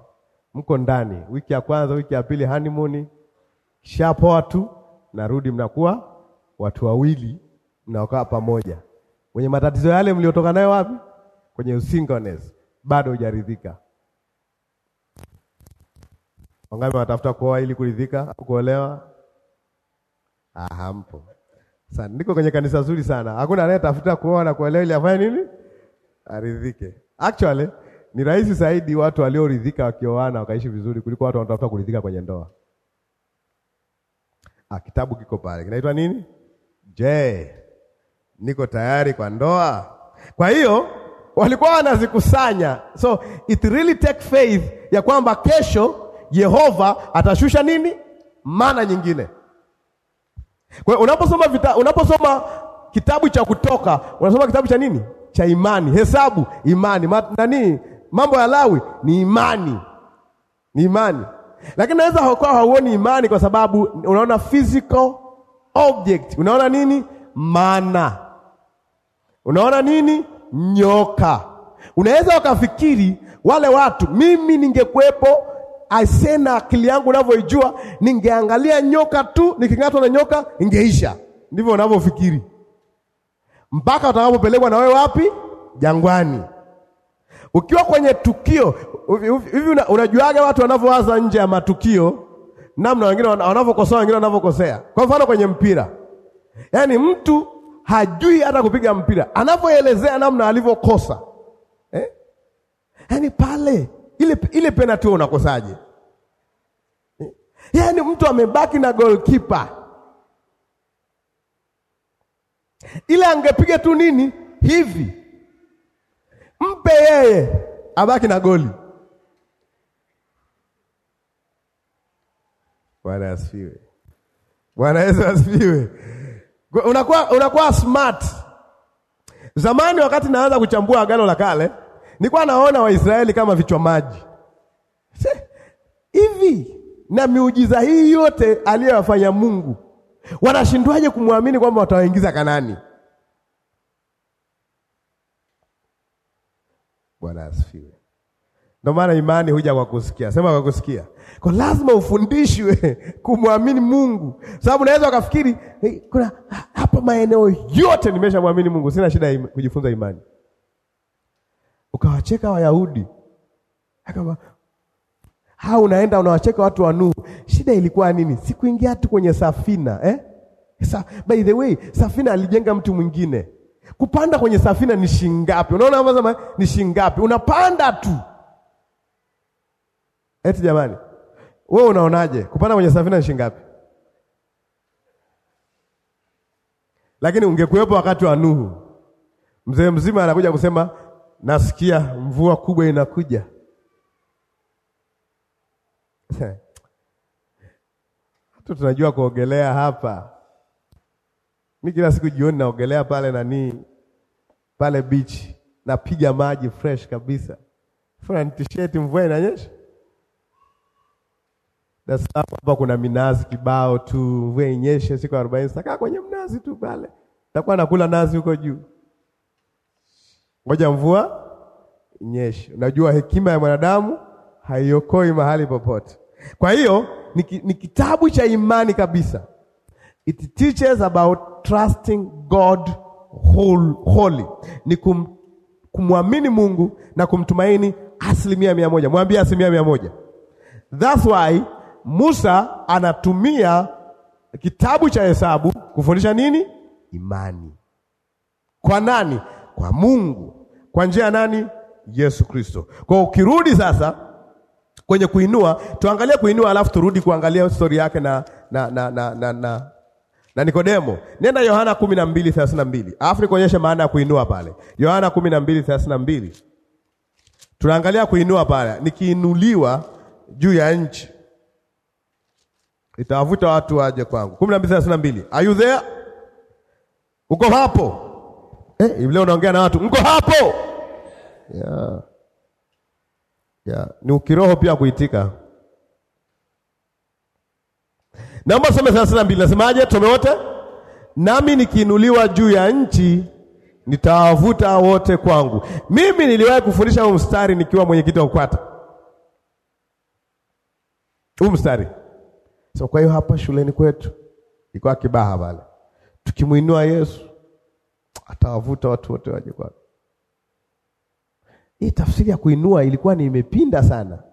mko ndani, wiki ya kwanza, wiki ya pili, honeymoon, kishapoa tu narudi, mnakuwa watu wawili, mnaokaa pamoja, wenye matatizo yale mliotoka nayo wapi? Kwenye usingleness bado hujaridhika. Wangapi wanatafuta kuoa ili kuridhika au kuolewa? Ah, hampo. Sasa niko kwenye kanisa zuri sana, hakuna anayetafuta kuoa na kuolewa ili afanye nini? Aridhike. Actually ni rahisi zaidi watu walioridhika wakioana wakaishi vizuri kuliko watu wanaotafuta kuridhika kwenye ndoa. Ah, kitabu kiko pale kinaitwa nini? Je, niko tayari kwa ndoa? Kwa hiyo walikuwa wanazikusanya. So it really take faith ya kwamba kesho Yehova atashusha nini? Mana nyingine. Kwa hiyo unaposoma vita, unaposoma kitabu cha Kutoka unasoma kitabu cha nini? Cha imani. Hesabu imani. Ma, nani? Mambo ya Lawi ni imani, ni imani. Lakini naweza hukua hauoni imani kwa sababu unaona physical object, unaona nini? Mana, unaona nini? nyoka. Unaweza ukafikiri wale watu, mimi ningekuwepo asena akili yangu unavyoijua, ningeangalia nyoka tu, niking'atwa na nyoka ingeisha. Ndivyo unavyofikiri mpaka utakapopelekwa na wewe wapi? Jangwani. Ukiwa kwenye tukio hivi, unajuaga watu wanavyowaza nje ya matukio, namna wengine wanavyokosoa, wengine wanavyokosea. Kwa mfano kwenye mpira, yaani mtu hajui hata kupiga mpira, anavyoelezea namna alivyokosa eh? Yaani pale ile ile penati unakosaje? eh? Yaani mtu amebaki na goalkeeper ile angepiga tu nini hivi, mpe yeye abaki na goli. Bwana asifiwe. Bwana Yesu asifiwe unakuwa, unakuwa smart. Zamani wakati naanza kuchambua agano la kale nilikuwa naona Waisraeli kama vichwa maji hivi, na miujiza hii yote aliyowafanya Mungu, wanashindwaje kumwamini kwamba watawaingiza Kanani? Bwana asifiwe. Ndio maana imani huja kwa kusikia, sema kwa kusikia. Kwa lazima ufundishwe [laughs] kumwamini Mungu, sababu unaweza ukafikiri hey, kuna hapa maeneo yote nimeshamwamini Mungu, sina shida ima, kujifunza imani. Ukawacheka Wayahudi akama ha, unaenda unawacheka watu wa Nuhu, shida ilikuwa nini? Sikuingia tu kwenye safina eh? Sa, by the way safina alijenga mtu mwingine. Kupanda kwenye safina ni shingapi? Unaona, ni shingapi? Unapanda tu Eti jamani, wewe unaonaje kupanda kwenye safina shilingi ngapi? Lakini ungekuwepo wakati wa Nuhu, mzee mzima anakuja kusema nasikia mvua kubwa inakuja. [laughs] Hatu tunajua kuogelea hapa. Mi kila siku jioni naogelea pale nanii pale beach, napiga maji fresh kabisa, funanitisheti mvua inanyesha Dar es Salaam hapa kuna minazi kibao tu, mvua inyeshe siku 40 sitakaa kwenye mnazi tu pale, nitakuwa nakula nazi huko juu, ngoja mvua inyeshe. Unajua hekima ya mwanadamu haiokoi mahali popote. Kwa hiyo ni kitabu cha imani kabisa. It teaches about trusting God wholly, ni kum, kumwamini Mungu na kumtumaini asilimia mia moja. Mwambie asilimia mia moja. That's why Musa anatumia kitabu cha Hesabu kufundisha nini? Imani kwa nani? Kwa Mungu, kwa njia ya nani? Yesu Kristo. Kwa ukirudi sasa kwenye kuinua, tuangalie kuinua, alafu turudi kuangalia stori yake na, na, na, na, na, na, na Nikodemo. Nenda Yohana kumi na mbili alafu nikuonyeshe maana ya kuinua pale. Yohana 12:32. tunaangalia kuinua pale, nikiinuliwa juu ya nchi nitawavuta watu waje kwangu. kumi na mbili thelathini na mbili Are you there? Uko hapo? Eh, leo naongea na watu, mko hapo? Yeah. Yeah. Ni ukiroho pia kuitika. Naomba some thelathini na mbili nasemaje? Tusome wote. Nami nikiinuliwa juu ya nchi nitawavuta wote kwangu. Mimi niliwahi kufundisha huu mstari nikiwa mwenyekiti wa Ukwata. Huu mstari So kwa hiyo hapa shuleni kwetu ilikuwa Kibaha pale, tukimwinua Yesu atawavuta watu wote waje kwake. Hii tafsiri ya kuinua ilikuwa ni imepinda sana.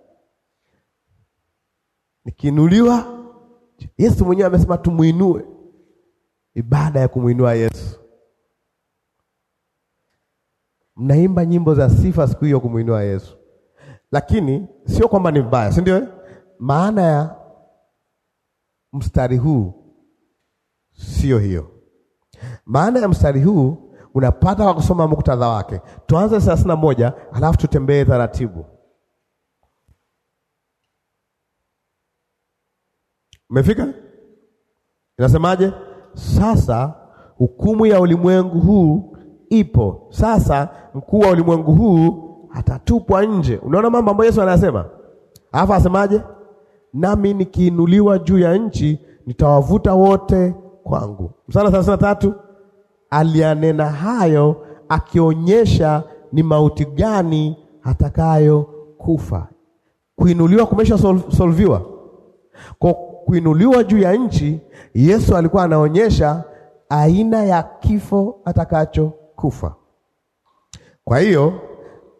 Nikiinuliwa Yesu mwenyewe amesema tumuinue, ibada ya kumwinua Yesu. Mnaimba nyimbo za sifa siku hiyo kumwinua Yesu, lakini sio kwamba ni mbaya, si ndio? Eh? Maana ya mstari huu sio hiyo. Maana ya mstari huu unapata kwa kusoma muktadha wake. Tuanze thelathini na moja alafu tutembee taratibu. Umefika? Inasemaje? Sasa hukumu ya ulimwengu huu ipo. Sasa mkuu wa ulimwengu huu atatupwa nje. Unaona mambo ambayo Yesu anasema, alafu asemaje? nami nikiinuliwa juu ya nchi nitawavuta wote kwangu. Mstari thelathini na tatu, alianena hayo akionyesha ni mauti gani atakayo kufa. Kuinuliwa kumesha sol, solviwa kwa kuinuliwa juu ya nchi. Yesu alikuwa anaonyesha aina ya kifo atakacho kufa. Kwa hiyo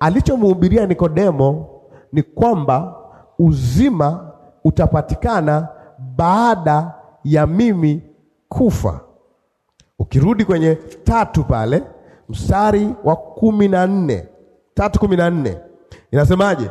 alichomhubiria Nikodemo ni kwamba uzima utapatikana baada ya mimi kufa. Ukirudi kwenye tatu pale mstari wa kumi na nne tatu kumi na nne inasemaje?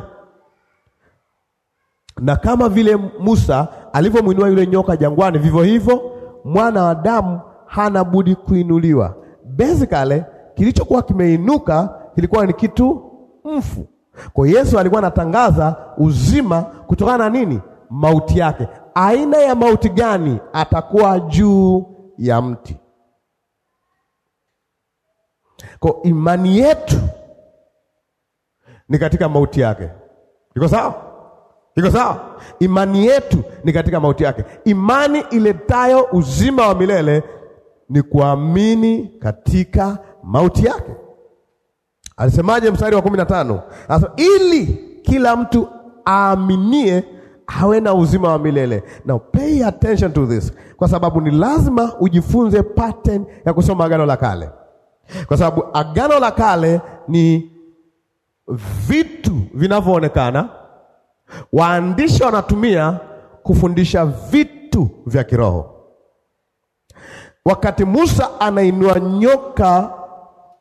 Na kama vile Musa alivyomwinua yule nyoka jangwani, vivyo hivyo mwana wa Adamu hana budi kuinuliwa. Basically kilichokuwa kimeinuka kilikuwa ni kitu mfu. Kwa Yesu alikuwa anatangaza uzima kutokana na nini? mauti yake. Aina ya mauti gani? Atakuwa juu ya mti. Kwa imani yetu ni katika mauti yake. Iko sawa? Iko sawa? Imani yetu ni katika mauti yake. Imani iletayo uzima wa milele ni kuamini katika mauti yake. Alisemaje mstari wa kumi na tano? ili kila mtu aaminie awe na uzima wa milele. Now pay attention to this, kwa sababu ni lazima ujifunze pattern ya kusoma Agano la Kale, kwa sababu Agano la Kale ni vitu vinavyoonekana, waandishi wanatumia kufundisha vitu vya kiroho. Wakati Musa anainua nyoka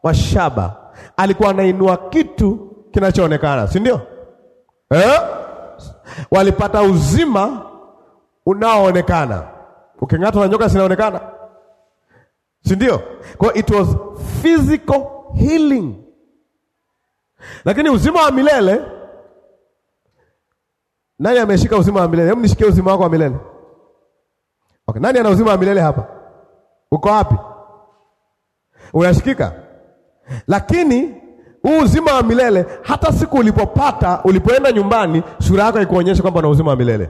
wa shaba, alikuwa anainua kitu kinachoonekana, si ndio eh? walipata uzima unaoonekana. Uking'atwa na nyoka sinaonekana, si ndio? Kwa it was physical healing, lakini uzima wa milele nani ameshika uzima wa milele? Hebu nishike uzima wako wa milele. Okay, nani ana uzima wa milele hapa? Uko wapi? Unashikika, lakini huu uzima wa milele hata siku ulipopata, ulipoenda nyumbani, sura yako ikuonyesha kwamba una uzima wa milele,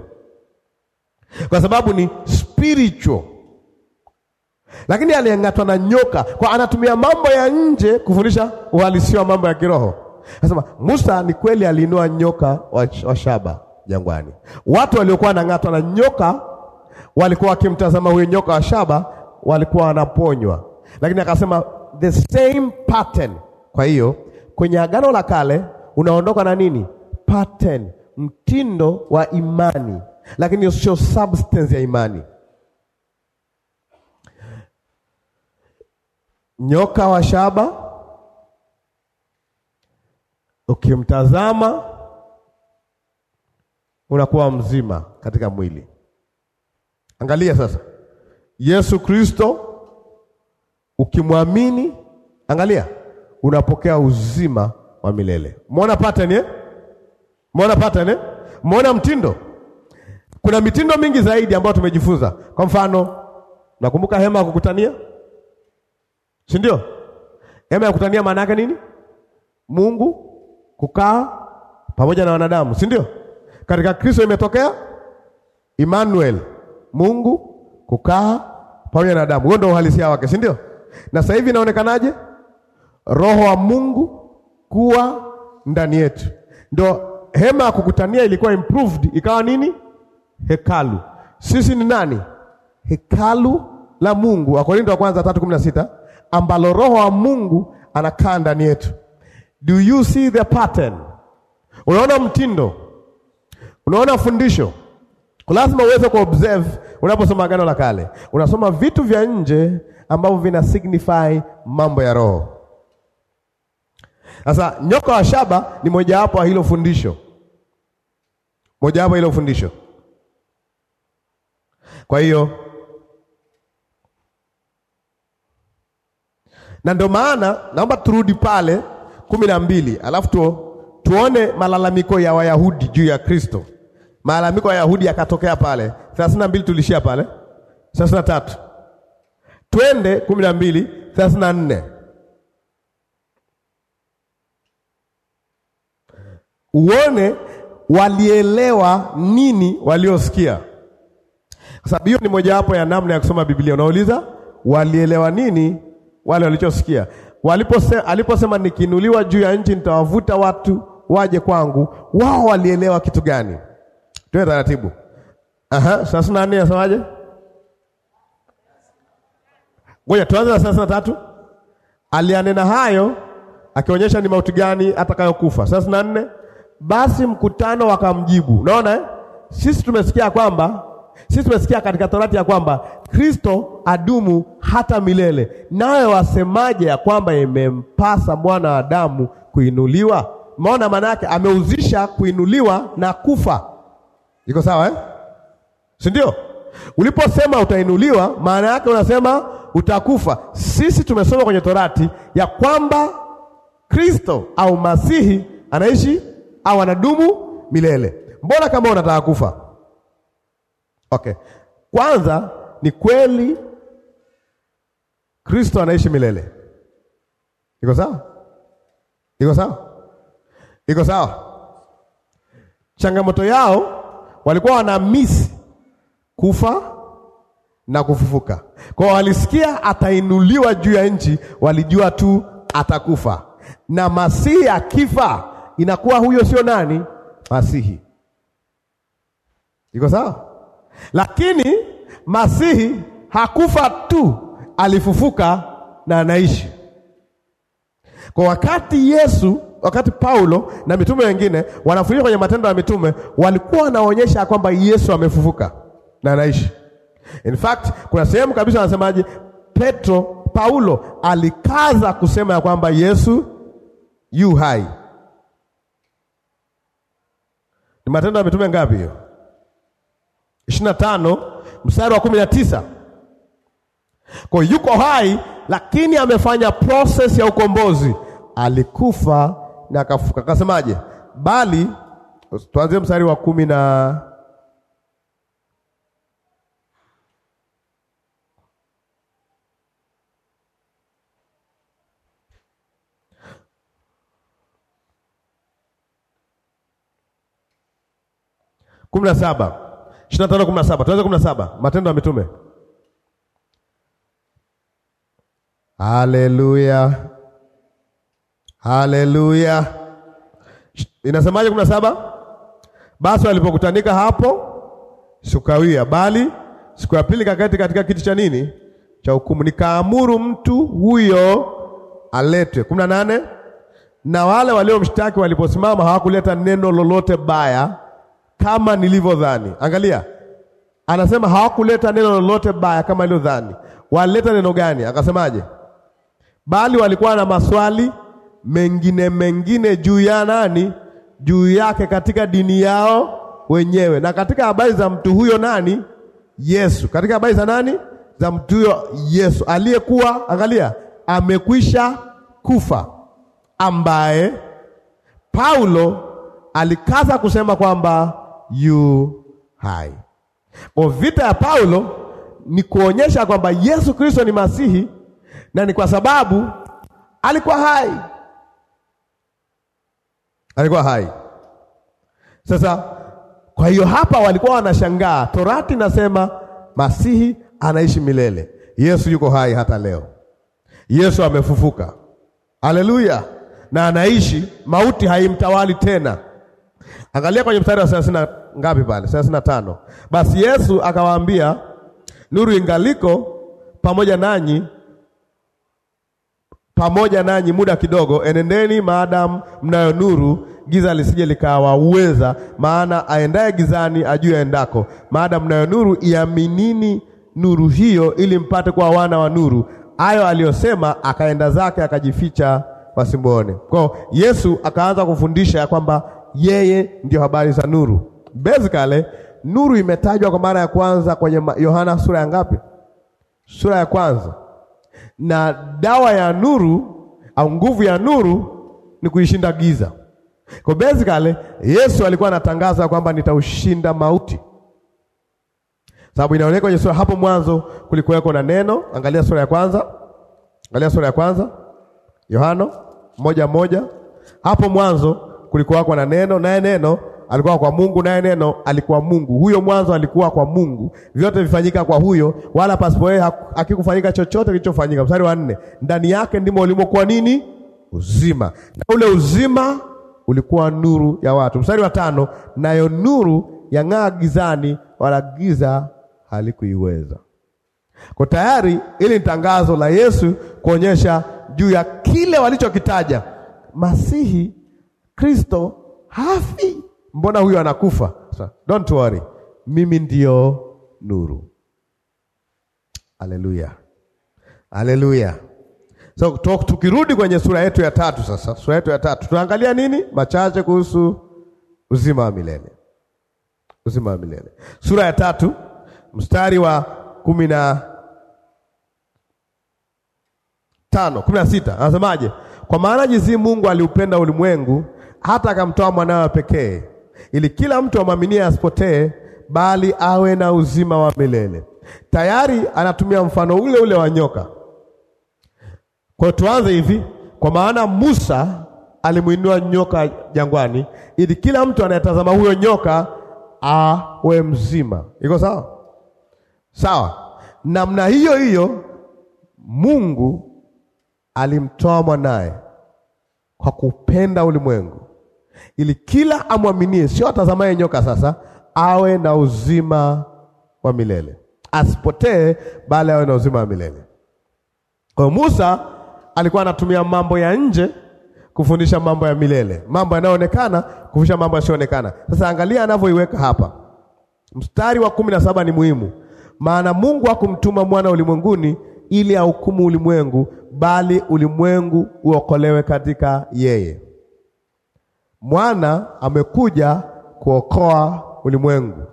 kwa sababu ni spiritual. Lakini aliangatwa na nyoka, kwa anatumia mambo ya nje kufundisha uhalisia wa mambo ya kiroho. Anasema Musa ni kweli aliinua nyoka wa shaba jangwani. Watu waliokuwa wanang'atwa na nyoka walikuwa wakimtazama huyo nyoka wa shaba, walikuwa wanaponywa, lakini akasema the same pattern. Kwa hiyo kwenye Agano la Kale unaondoka na nini? Pattern, mtindo wa imani, lakini sio substance ya imani. Nyoka wa shaba ukimtazama unakuwa mzima katika mwili. Angalia sasa, Yesu Kristo ukimwamini, angalia unapokea uzima wa milele. Mwona pattern eh? Mwona pattern eh? Mwona mtindo. Kuna mitindo mingi zaidi ambayo tumejifunza. Kwa mfano, nakumbuka hema ya kukutania, si ndio? Hema ya kukutania maana yake nini? Mungu kukaa pamoja na wanadamu, si ndio? Katika Kristo imetokea Emmanuel, Mungu kukaa pamoja na wanadamu. Huo ndio uhalisia wake, si ndio? Na sasa hivi inaonekanaje? Roho wa Mungu kuwa ndani yetu. Ndio hema ya kukutania ilikuwa improved, ikawa nini? Hekalu. Sisi ni nani? Hekalu la Mungu, Wakorinto wa kwanza 3:16, ambalo Roho wa Mungu anakaa ndani yetu. Do you see the pattern? Unaona mtindo, unaona fundisho. Lazima uweze kuobserve unaposoma Agano la Kale, unasoma vitu vya nje ambavyo vina signify mambo ya Roho. Sasa nyoka wa shaba ni mojawapo wa hilo fundisho, mojawapo hilo fundisho. Kwa hiyo na ndio maana naomba turudi pale kumi na mbili alafu tu, tuone malalamiko ya Wayahudi juu ya Kristo. Malalamiko ya Wayahudi yakatokea pale thelathini na mbili tulishia pale thelathini na tatu twende kumi na mbili thelathini na nne uone walielewa nini waliosikia, kwa sababu hiyo ni mojawapo ya namna ya kusoma Biblia. Unauliza walielewa nini wale walichosikia. Waliposema, aliposema nikinuliwa juu ya nchi nitawavuta watu waje kwangu, wao walielewa kitu gani? Tuwe taratibu. Aha, thelathini na nne Ngoja tuanze na thelathini na tatu. Alianena hayo akionyesha ni mauti gani atakayokufa. thelathini na nne basi mkutano wakamjibu. Unaona eh? Sisi tumesikia kwamba sisi tumesikia katika Torati ya kwamba Kristo adumu hata milele, nawe wasemaje ya kwamba imempasa mwana wa Adamu kuinuliwa? Maona maana yake ameuzisha kuinuliwa na kufa. Iko sawa eh? si ndio? Uliposema utainuliwa, maana yake unasema utakufa. Sisi tumesoma kwenye Torati ya kwamba Kristo au Masihi anaishi au anadumu milele. Mbona kama unataka kufa? Okay, kwanza ni kweli Kristo anaishi milele. Iko sawa? Iko sawa? Iko sawa? Changamoto yao walikuwa wana miss kufa na kufufuka. Kwa walisikia atainuliwa juu ya nchi, walijua tu atakufa, na Masihi akifa inakuwa huyo sio nani? Masihi. Iko sawa? Lakini Masihi hakufa tu, alifufuka na anaishi. Kwa wakati Yesu, wakati Paulo na mitume wengine wanafundisha kwenye Matendo ya Mitume, walikuwa wanaonyesha kwamba Yesu amefufuka na anaishi. In fact, kuna sehemu kabisa wanasemaje, Petro Paulo alikaza kusema ya kwamba Yesu yu hai. Ni Matendo ya Mitume ngapi hiyo? ishirini na tano mstari wa kumi na tisa kwa yuko hai lakini amefanya process ya ukombozi. Alikufa na akafuka, akasemaje? Bali tuanzie mstari wa kumi na kumi na saba ishirini na tano kumi na saba tuanze kumi na saba Matendo ya Mitume. Haleluya, haleluya. Inasemaje kumi na saba? Basi walipokutanika hapo sukawia, bali siku ya pili kaketi katika kiti cha nini cha hukumu, nikaamuru mtu huyo aletwe. kumi na nane na wale waliomshtaki waliposimama hawakuleta neno lolote baya kama nilivyodhani. Angalia, anasema hawakuleta neno lolote baya kama nilivyodhani. Walileta neno gani? Akasemaje? Bali walikuwa na maswali mengine mengine juu ya nani? Juu yake katika dini yao wenyewe na katika habari za mtu huyo nani? Yesu. Katika habari za nani? Za mtu huyo Yesu aliyekuwa, angalia, amekwisha kufa, ambaye Paulo alikaza kusema kwamba yu hai. Kwa vita ya Paulo ni kuonyesha kwamba Yesu Kristo ni Masihi na ni kwa sababu alikuwa hai, alikuwa hai. Sasa kwa hiyo hapa walikuwa wanashangaa, Torati nasema Masihi anaishi milele. Yesu yuko hai hata leo. Yesu amefufuka, haleluya, na anaishi. Mauti haimtawali tena. Angalia kwenye mstari wa thelathini ngapi pale, thelathini na tano. Basi Yesu akawaambia, nuru ingaliko pamoja nanyi pamoja nanyi muda kidogo, enendeni maadamu mnayo nuru, giza lisije likawauweza. Maana aendaye gizani ajue aendako. Maadamu mnayo nuru, iaminini nuru hiyo, ili mpate kuwa wana wa nuru. Hayo aliyosema, akaenda zake, akajificha wasimbone Kwa Yesu akaanza kufundisha kwamba yeye ndio habari za nuru. Basically, nuru imetajwa kwa mara ya kwanza kwenye Yohana sura ya ngapi? Sura ya kwanza. Na dawa ya nuru au nguvu ya nuru ni kuishinda giza. Kwa basically, Yesu alikuwa anatangaza kwamba nitaushinda mauti, sababu inaonekana kwenye sura hapo mwanzo kulikuweko na neno. Angalia sura ya kwanza, angalia sura ya kwanza Yohana moja moja, hapo mwanzo kulikuwa kwa na neno, naye neno alikuwa kwa Mungu, naye neno alikuwa Mungu. Huyo mwanzo alikuwa kwa Mungu, vyote vifanyika kwa huyo, wala pasipo yeye hakikufanyika chochote kilichofanyika. Mstari wa nne, ndani yake ndimo ulimokuwa nini? Uzima, na ule uzima ulikuwa nuru ya watu. Mstari wa tano, nayo nuru yang'aa gizani, wala giza halikuiweza. Kwa tayari ili ni tangazo la Yesu kuonyesha juu ya kile walichokitaja Masihi Kristo hafi, mbona huyo anakufa? So, don't worry, mimi ndio nuru. Haleluya, haleluya. So tukirudi kwenye sura yetu ya tatu sasa, sura yetu ya tatu tunaangalia nini? Machache kuhusu uzima wa milele, uzima wa milele, sura ya tatu mstari wa kumi na tano kumi na sita anasemaje? Kwa maana jinsi Mungu aliupenda ulimwengu hata akamtoa mwanawe pekee, ili kila mtu amwaminie asipotee, bali awe na uzima wa milele. Tayari anatumia mfano ule ule wa nyoka. Kwa hiyo tuanze hivi, kwa maana Musa alimwinua nyoka jangwani, ili kila mtu anayetazama huyo nyoka awe mzima. Iko sawa sawa? Namna hiyo hiyo Mungu alimtoa mwanaye kwa kupenda ulimwengu ili kila amwaminie, sio atazamaye nyoka sasa, awe na uzima wa milele, asipotee, bali awe na uzima wa milele. Kwa Musa alikuwa anatumia mambo ya nje kufundisha mambo ya milele, mambo yanayoonekana kufundisha mambo yasiyoonekana. Sasa angalia anavyoiweka hapa, mstari wa kumi na saba ni muhimu, maana Mungu hakumtuma mwana ulimwenguni ili ahukumu ulimwengu, bali ulimwengu uokolewe katika yeye. Mwana amekuja kuokoa ulimwengu.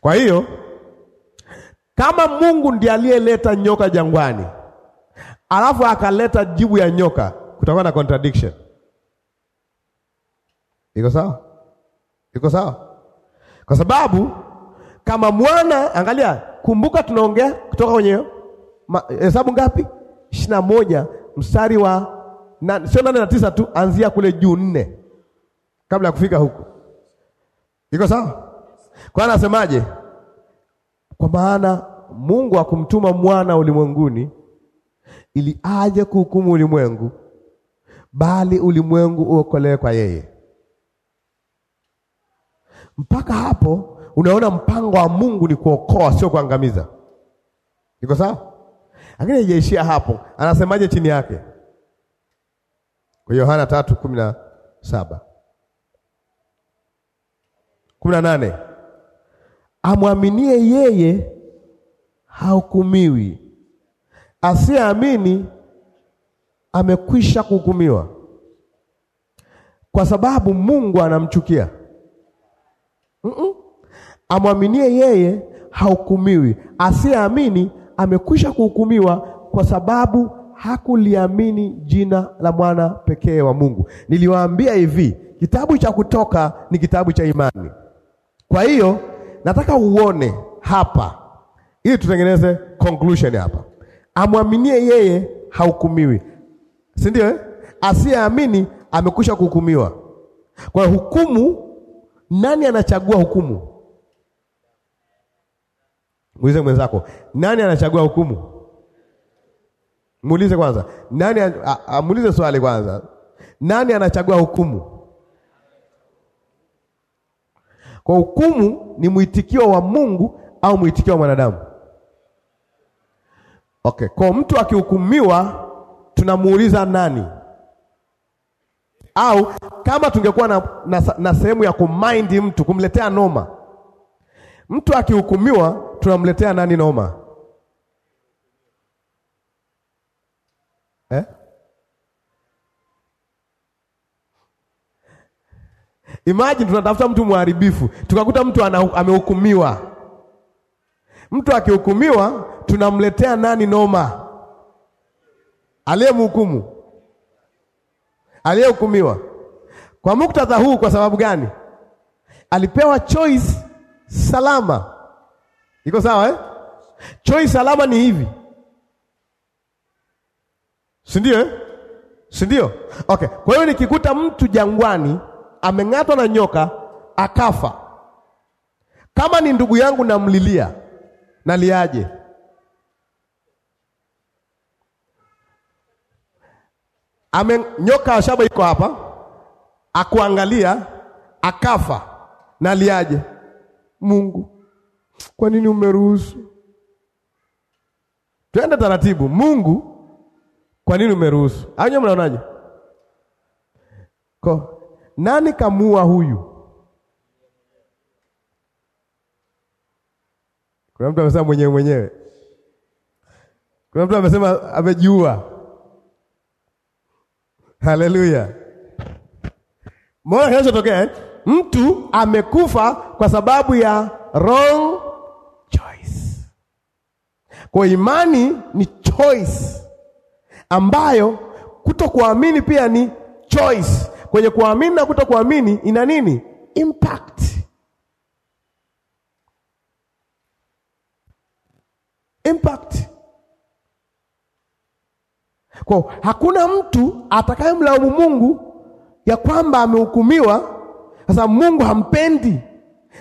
Kwa hiyo kama Mungu ndiye aliyeleta nyoka jangwani, alafu akaleta jibu ya nyoka, kutakuwa na contradiction. Iko sawa? Iko sawa? Kwa sababu kama mwana, angalia, kumbuka tunaongea kutoka kwenye Hesabu ngapi? ishirini na moja mstari wa na sio nane na tisa tu, anzia kule juu nne kabla ya kufika huku. Iko sawa? Kwa anasemaje? Kwa maana Mungu akumtuma mwana ulimwenguni ili aje kuhukumu ulimwengu, bali ulimwengu uokolewe kwa yeye. Mpaka hapo unaona mpango wa Mungu ni kuokoa, sio kuangamiza. Iko sawa? Lakini haijaishia hapo, anasemaje chini yake? kwa Yohana tatu kumi na saba kumi na nane amwaminie yeye hahukumiwi, asiyeamini amekwisha kuhukumiwa, kwa sababu Mungu anamchukia. mm -mm. Amwaminie yeye hahukumiwi, asiyeamini amekwisha kuhukumiwa, kwa sababu hakuliamini jina la mwana pekee wa Mungu. Niliwaambia hivi, kitabu cha Kutoka ni kitabu cha imani. Kwa hiyo nataka uone hapa, ili tutengeneze conclusion hapa. Amwaminie yeye hahukumiwi, si ndio? Eh? Asiyeamini amekwisha kuhukumiwa. Kwa hukumu, nani anachagua hukumu? Muulize mwenzako, nani anachagua hukumu? Muulize kwanza nani, amuulize swali kwanza, nani anachagua hukumu? Kwa hukumu ni mwitikio wa Mungu au mwitikio wa mwanadamu? Okay, kwa mtu akihukumiwa tunamuuliza nani? Au kama tungekuwa na, na, na sehemu ya kumaindi mtu kumletea noma, mtu akihukumiwa tunamletea nani noma? eh? Imagine tunatafuta mtu mharibifu tukakuta mtu amehukumiwa. Mtu akihukumiwa tunamletea nani noma? Aliyemhukumu, aliyehukumiwa. Kwa muktadha huu, kwa sababu gani alipewa choice salama? Iko sawa eh? Choice salama ni hivi si ndio eh? si ndio? Okay. Kwa hiyo nikikuta mtu jangwani ameng'atwa na nyoka akafa, kama ni ndugu yangu namlilia, naliaje? Ame nyoka ashaba iko hapa akuangalia akafa, naliaje? Mungu, kwa nini umeruhusu? Twende taratibu. Mungu kwa nini umeruhusu? Anyo, mnaonaje? Ko, nani kamua huyu? Kuna mtu amesema mwenyewe mwenyewe, kuna mtu amesema amejua. Haleluya! Mbona kinachotokea eh? Mtu amekufa kwa sababu ya wrong choice. Kwa imani ni choice ambayo kutokuamini pia ni choice. Kwenye kuamini na kutokuamini ina nini? Impact, impact. Kwa hakuna mtu atakayemlaumu Mungu ya kwamba amehukumiwa. Sasa Mungu hampendi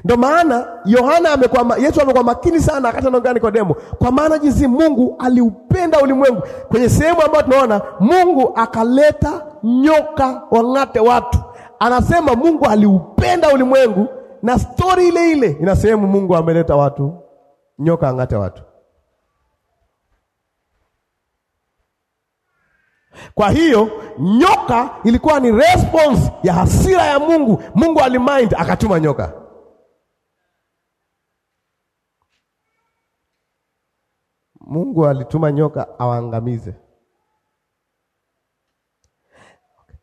ndio maana Yohana amekuwa, Yesu amekuwa makini sana wakati anaongea Nikodemo, kwa maana jinsi Mungu aliupenda ulimwengu, kwenye sehemu ambayo tunaona Mungu akaleta nyoka wang'ate watu, anasema Mungu aliupenda ulimwengu, na stori ile ile ina sehemu Mungu ameleta watu nyoka ang'ate watu. Kwa hiyo nyoka ilikuwa ni response ya hasira ya Mungu. Mungu alimind akatuma nyoka. Mungu alituma nyoka awaangamize.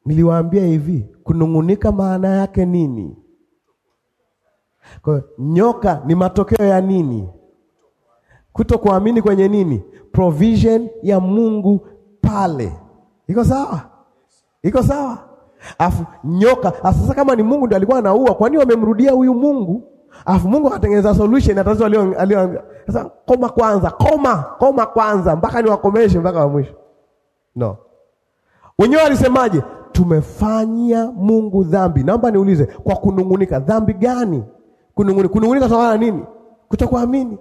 Niliwaambia hivi, kunung'unika maana yake nini? Kwa nyoka ni matokeo ya nini? Kuto kuamini kwenye nini? Provision ya Mungu pale. Iko sawa? Iko sawa? Afu nyoka sasa, kama ni Mungu ndiye alikuwa anaua, kwani wamemrudia huyu Mungu? Alafu Mungu akatengeneza solution atazo alio alio. Sasa koma kwanza, koma, koma kwanza mpaka niwakomeshe mpaka wa mwisho. No. Wenyewe walisemaje? Tumefanya Mungu dhambi. Naomba niulize, kwa kunungunika dhambi gani? Kunungunika, kunungunika sawa na nini? Kutokuamini.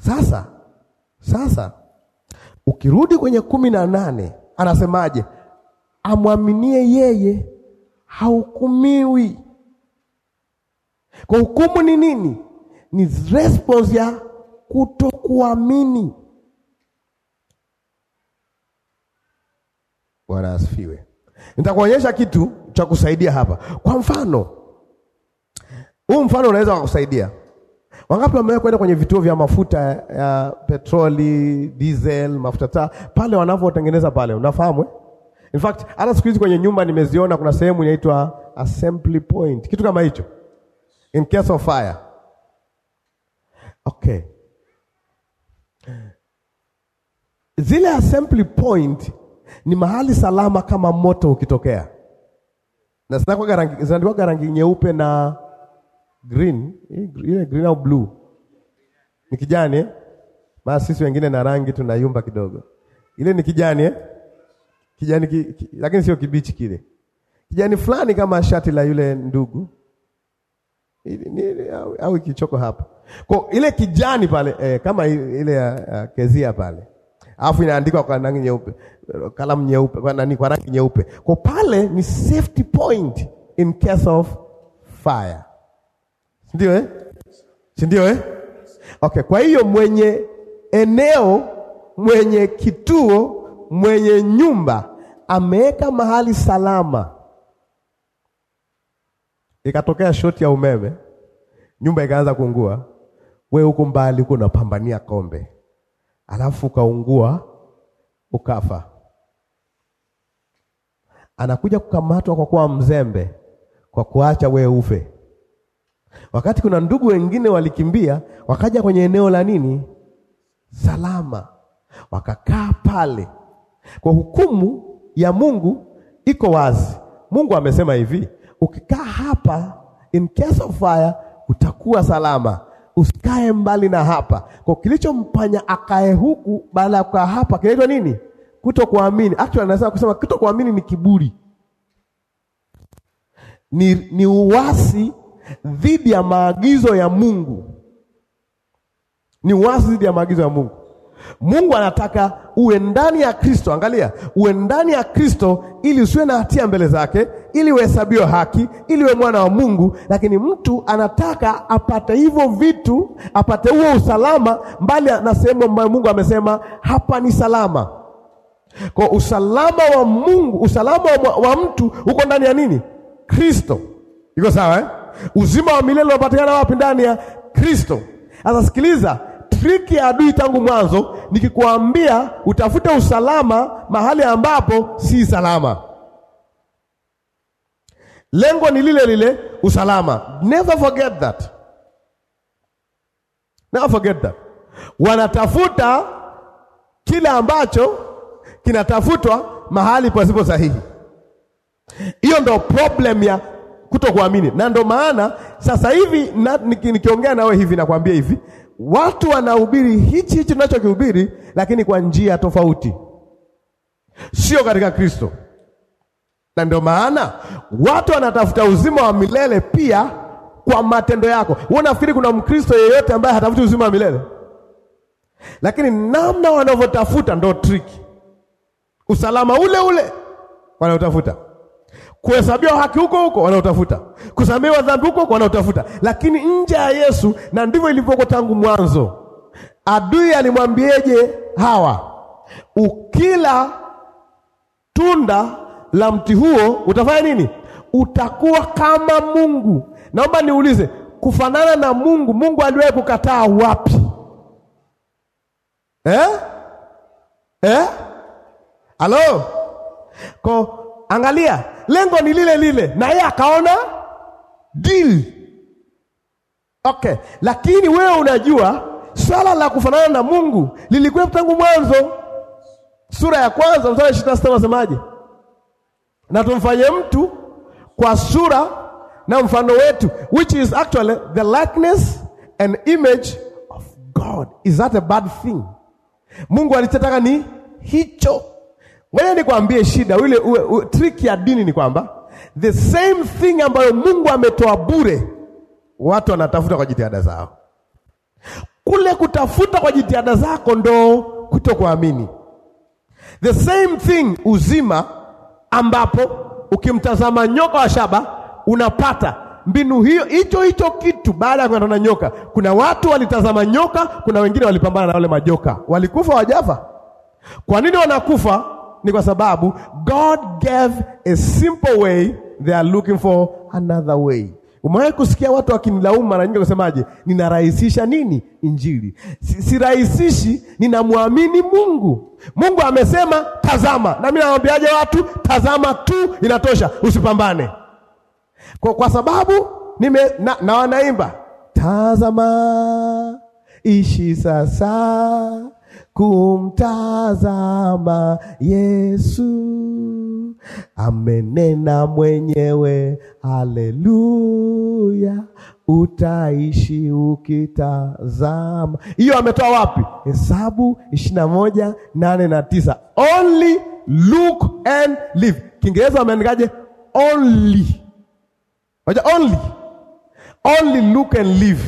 Sasa sasa ukirudi kwenye kumi na nane anasemaje? Amwaminie yeye hahukumiwi. Kwa hukumu ni nini? Ni response ya kutokuamini. Bwana asifiwe. Nitakuonyesha kitu cha kusaidia hapa. Kwa mfano, huu mfano unaweza kukusaidia. Wangapi wamewahi kwenda kwenye vituo vya mafuta ya petroli, diesel, mafuta taa pale wanavyotengeneza pale, unafahamu eh? In fact, hata siku hizi kwenye nyumba nimeziona kuna sehemu inaitwa assembly point, kitu kama hicho in case of fire. Okay. Zile assembly point ni mahali salama kama moto ukitokea, na zinaandikwa rangi nyeupe na green, eh, ile green au blue ni kijani eh? Maana sisi wengine na rangi tunayumba kidogo. Ile ni kijani eh? Kijani ki, ki, lakini sio kibichi kile, kijani fulani kama shati la yule ndugu au kichoko hapa kwa ile kijani pale eh, kama ile ya uh, kezia pale, alafu inaandikwa kwa rangi nyeupe, kalamu nyeupe kwa nani, kwa rangi nyeupe. Kwa pale ni safety point in case of fire, si ndio eh? ndio eh? Okay, kwa hiyo mwenye eneo, mwenye kituo, mwenye nyumba ameweka mahali salama ikatokea shoti ya umeme, nyumba ikaanza kuungua, we huko mbali huko unapambania kombe, alafu ukaungua ukafa. Anakuja kukamatwa kwa kuwa mzembe, kwa kuacha we ufe, wakati kuna ndugu wengine walikimbia wakaja kwenye eneo la nini salama, wakakaa pale. Kwa hukumu ya Mungu iko wazi. Mungu amesema hivi ukikaa hapa in case of fire utakuwa salama, usikae mbali na hapa. Kwa kilichompanya akae huku baada ya kukaa hapa kinaitwa nini? Kutokuamini. Actually anasema kusema kutokuamini ni kiburi, ni, ni uasi dhidi ya maagizo ya Mungu, ni uasi dhidi ya maagizo ya Mungu. Mungu anataka uwe ndani ya Kristo. Angalia, uwe ndani ya Kristo ili usiwe na hatia mbele zake, ili uhesabiwe haki, ili uwe mwana wa Mungu. Lakini mtu anataka apate hivyo vitu, apate huo usalama, mbali na sehemu ambayo Mungu amesema hapa ni salama. Kwa usalama wa Mungu, usalama wa, wa mtu uko ndani ya nini? Kristo. Iko sawa eh? Uzima wa milele unapatikana wapi? Ndani ya Kristo. Sasa sikiliza, triki ya adui tangu mwanzo, nikikuambia utafute usalama mahali ambapo si salama. Lengo ni lile lile, usalama. Never forget that, never forget that. Wanatafuta kile ambacho kinatafutwa mahali pasipo sahihi. Hiyo ndo problem ya kutokuamini, na ndo maana sasa hivi na, nikiongea nawe hivi nakwambia hivi, watu wanahubiri hichi hichi tunachokihubiri, lakini kwa njia tofauti, sio katika Kristo. Na ndio maana watu wanatafuta uzima wa milele pia kwa matendo yako. Wewe unafikiri kuna Mkristo yeyote ambaye hatafuti uzima wa milele? Lakini namna wanavyotafuta ndo triki, usalama ule ule wanaotafuta kuhesabiwa haki huko huko wanaotafuta, kusamehewa dhambi huko huko wanaotafuta, lakini nje ya Yesu. Na ndivyo ilivyoko tangu mwanzo. Adui alimwambieje Hawa? Ukila tunda la mti huo utafanya nini? Utakuwa kama Mungu. Naomba niulize, kufanana na Mungu, Mungu aliwahi kukataa wapi eh? Eh? Halo Kwa Angalia, lengo ni lile lile, na yeye akaona deal. Okay, lakini wewe unajua swala la kufanana na Mungu lilikuwepo tangu mwanzo. Sura ya kwanza mstari ishirini na sita unasemaje? Na tumfanye mtu kwa sura na mfano wetu, which is actually the likeness and image of God. Is that a bad thing? Mungu alichotaka ni hicho Ngoja nikwambie shida ile trick ya dini ni kwamba the same thing ambayo Mungu ametoa bure, watu wanatafuta kwa jitihada zao. Kule kutafuta kwa jitihada zako ndo kutokuamini. The same thing uzima, ambapo ukimtazama nyoka wa shaba unapata mbinu hiyo, hicho hicho kitu. Baada ya kuona nyoka, kuna watu walitazama nyoka, kuna wengine walipambana na wale majoka, walikufa wajafa. Kwa nini wanakufa? ni kwa sababu God gave a simple way, they are looking for another way. Umewahi kusikia watu wakinilaumu mara nyingi kusemaje? Ninarahisisha nini Injili? Sirahisishi, ninamwamini Mungu. Mungu amesema tazama, na mimi nawaambiaje watu? Tazama tu inatosha, usipambane kwa, kwa sababu nime na, na wanaimba tazama ishi sasa kumtazama Yesu, amenena mwenyewe, haleluya, utaishi ukitazama. Hiyo ametoa wapi? Hesabu ishirini na moja nane na tisa. Only look and live. Kiingereza wameandikaje? Only, only, only look and live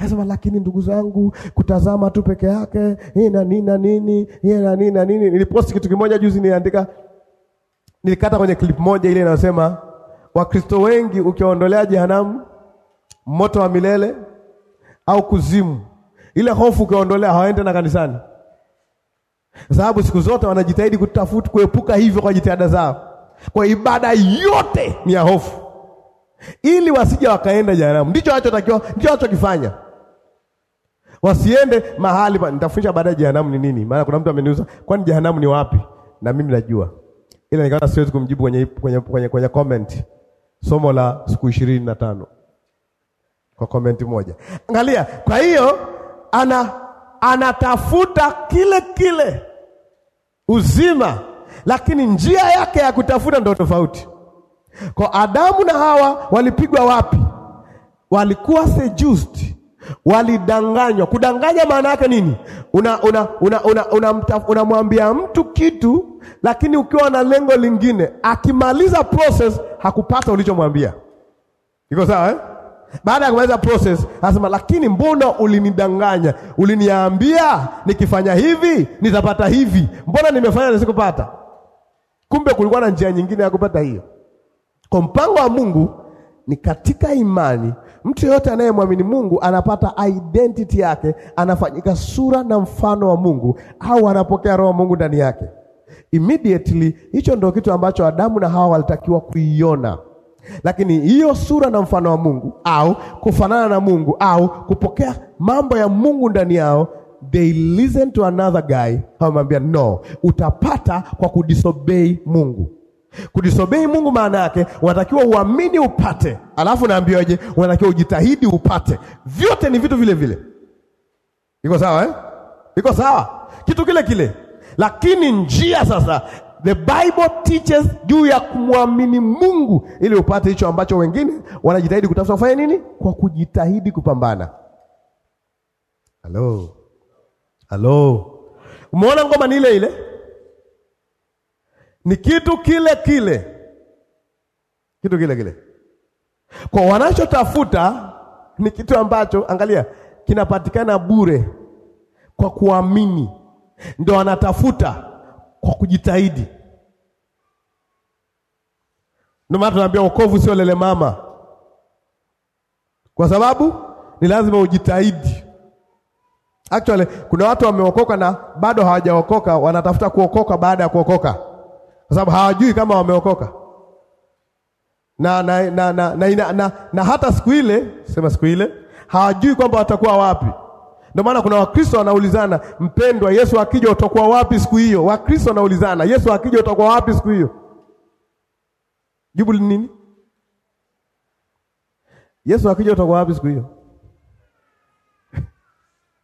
Anasema lakini ndugu zangu, kutazama tu peke yake hii na nini na nini, hii na nini na nini. Niliposti kitu kimoja juzi, niliandika, nilikata kwenye clip moja ile inayosema Wakristo wengi ukiondolea jehanamu, moto wa milele au kuzimu, ile hofu ukiondolea, hawaende na kanisani sababu siku zote wanajitahidi kutafuta kuepuka hivyo kwa jitihada zao. Kwa ibada yote ni ya hofu, ili wasije wakaenda jehanamu. Ndicho anachotakiwa, ndicho anachokifanya wasiende mahali pa. Nitafundisha baadaye jehanamu ni nini, maana kuna mtu ameniuza, kwani jehanamu ni wapi? Na mimi najua, ila nikaona siwezi kumjibu kwenye, kwenye, kwenye, kwenye comment somo la siku ishirini na tano kwa komenti moja. Angalia, kwa hiyo ana anatafuta kile kile uzima, lakini njia yake ya kutafuta ndo tofauti. Kwa Adamu na Hawa walipigwa wapi? Walikuwa seduced walidanganywa. Kudanganya maana yake nini? Unamwambia una, una, una, una, una mtu kitu, lakini ukiwa na lengo lingine, akimaliza process hakupata ulichomwambia. Iko sawa eh? Baada ya kumaliza process anasema, lakini mbona ulinidanganya? Uliniambia nikifanya hivi nitapata hivi, mbona nimefanya nisikupata? Kumbe kulikuwa na njia nyingine ya kupata hiyo. Kwa mpango wa Mungu ni katika imani Mtu yoyote anayemwamini Mungu anapata identity yake, anafanyika sura na mfano wa Mungu, au anapokea roho wa Mungu ndani yake immediately. Hicho ndio kitu ambacho Adamu na Hawa walitakiwa kuiona, lakini hiyo sura na mfano wa Mungu au kufanana na Mungu au kupokea mambo ya Mungu ndani yao They listen to another guy, hawamwambia no, utapata kwa kudisobey Mungu. Kudisobei Mungu maana yake unatakiwa uamini upate, alafu naambiwaje? Unatakiwa ujitahidi upate. Vyote ni vitu vile vile, iko sawa eh? Iko sawa, kitu kile kile, lakini njia sasa The Bible teaches juu ya kumwamini Mungu ili upate hicho ambacho wengine wanajitahidi kutafuta. Kufanya nini? Kwa kujitahidi kupambana. Halo, halo, umeona ngoma ni ile ile ni kitu kile kile, kitu kile kile. Kwa wanachotafuta ni kitu ambacho, angalia, kinapatikana bure kwa kuamini, ndio wanatafuta kwa kujitahidi. Ndio maana tunaambia wokovu sio lele mama, kwa sababu ni lazima ujitahidi. Actually kuna watu wameokoka na bado hawajaokoka, wanatafuta kuokoka baada ya kuokoka kwa sababu hawajui kama wameokoka na, na, na, na, na, na, na, na hata siku ile sema siku ile hawajui kwamba watakuwa wapi. Ndio maana kuna Wakristo wanaulizana, mpendwa, Yesu akija utakuwa wapi siku hiyo? Wakristo wanaulizana, Yesu akija utakuwa wapi siku hiyo? Jibu ni nini? Yesu akija utakuwa wapi siku hiyo?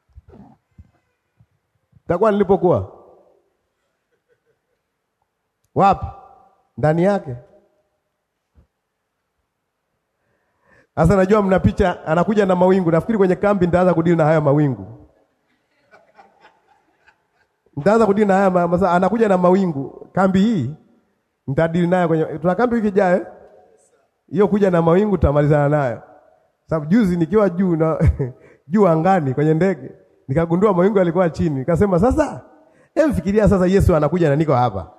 [laughs] Takuwa nilipokuwa wapi? Ndani yake. Sasa najua mna picha, anakuja na mawingu. Nafikiri kwenye kambi nitaanza kudili na haya mawingu, nitaanza kudili na haya masa. Anakuja na mawingu, kambi hii nitadili nayo kwenye, tuna kambi wiki ijayo hiyo, kuja na mawingu tutamalizana nayo, sababu juzi nikiwa juu na [laughs] juu angani kwenye ndege nikagundua mawingu yalikuwa chini, nikasema sasa, hem, fikiria sasa Yesu anakuja na niko hapa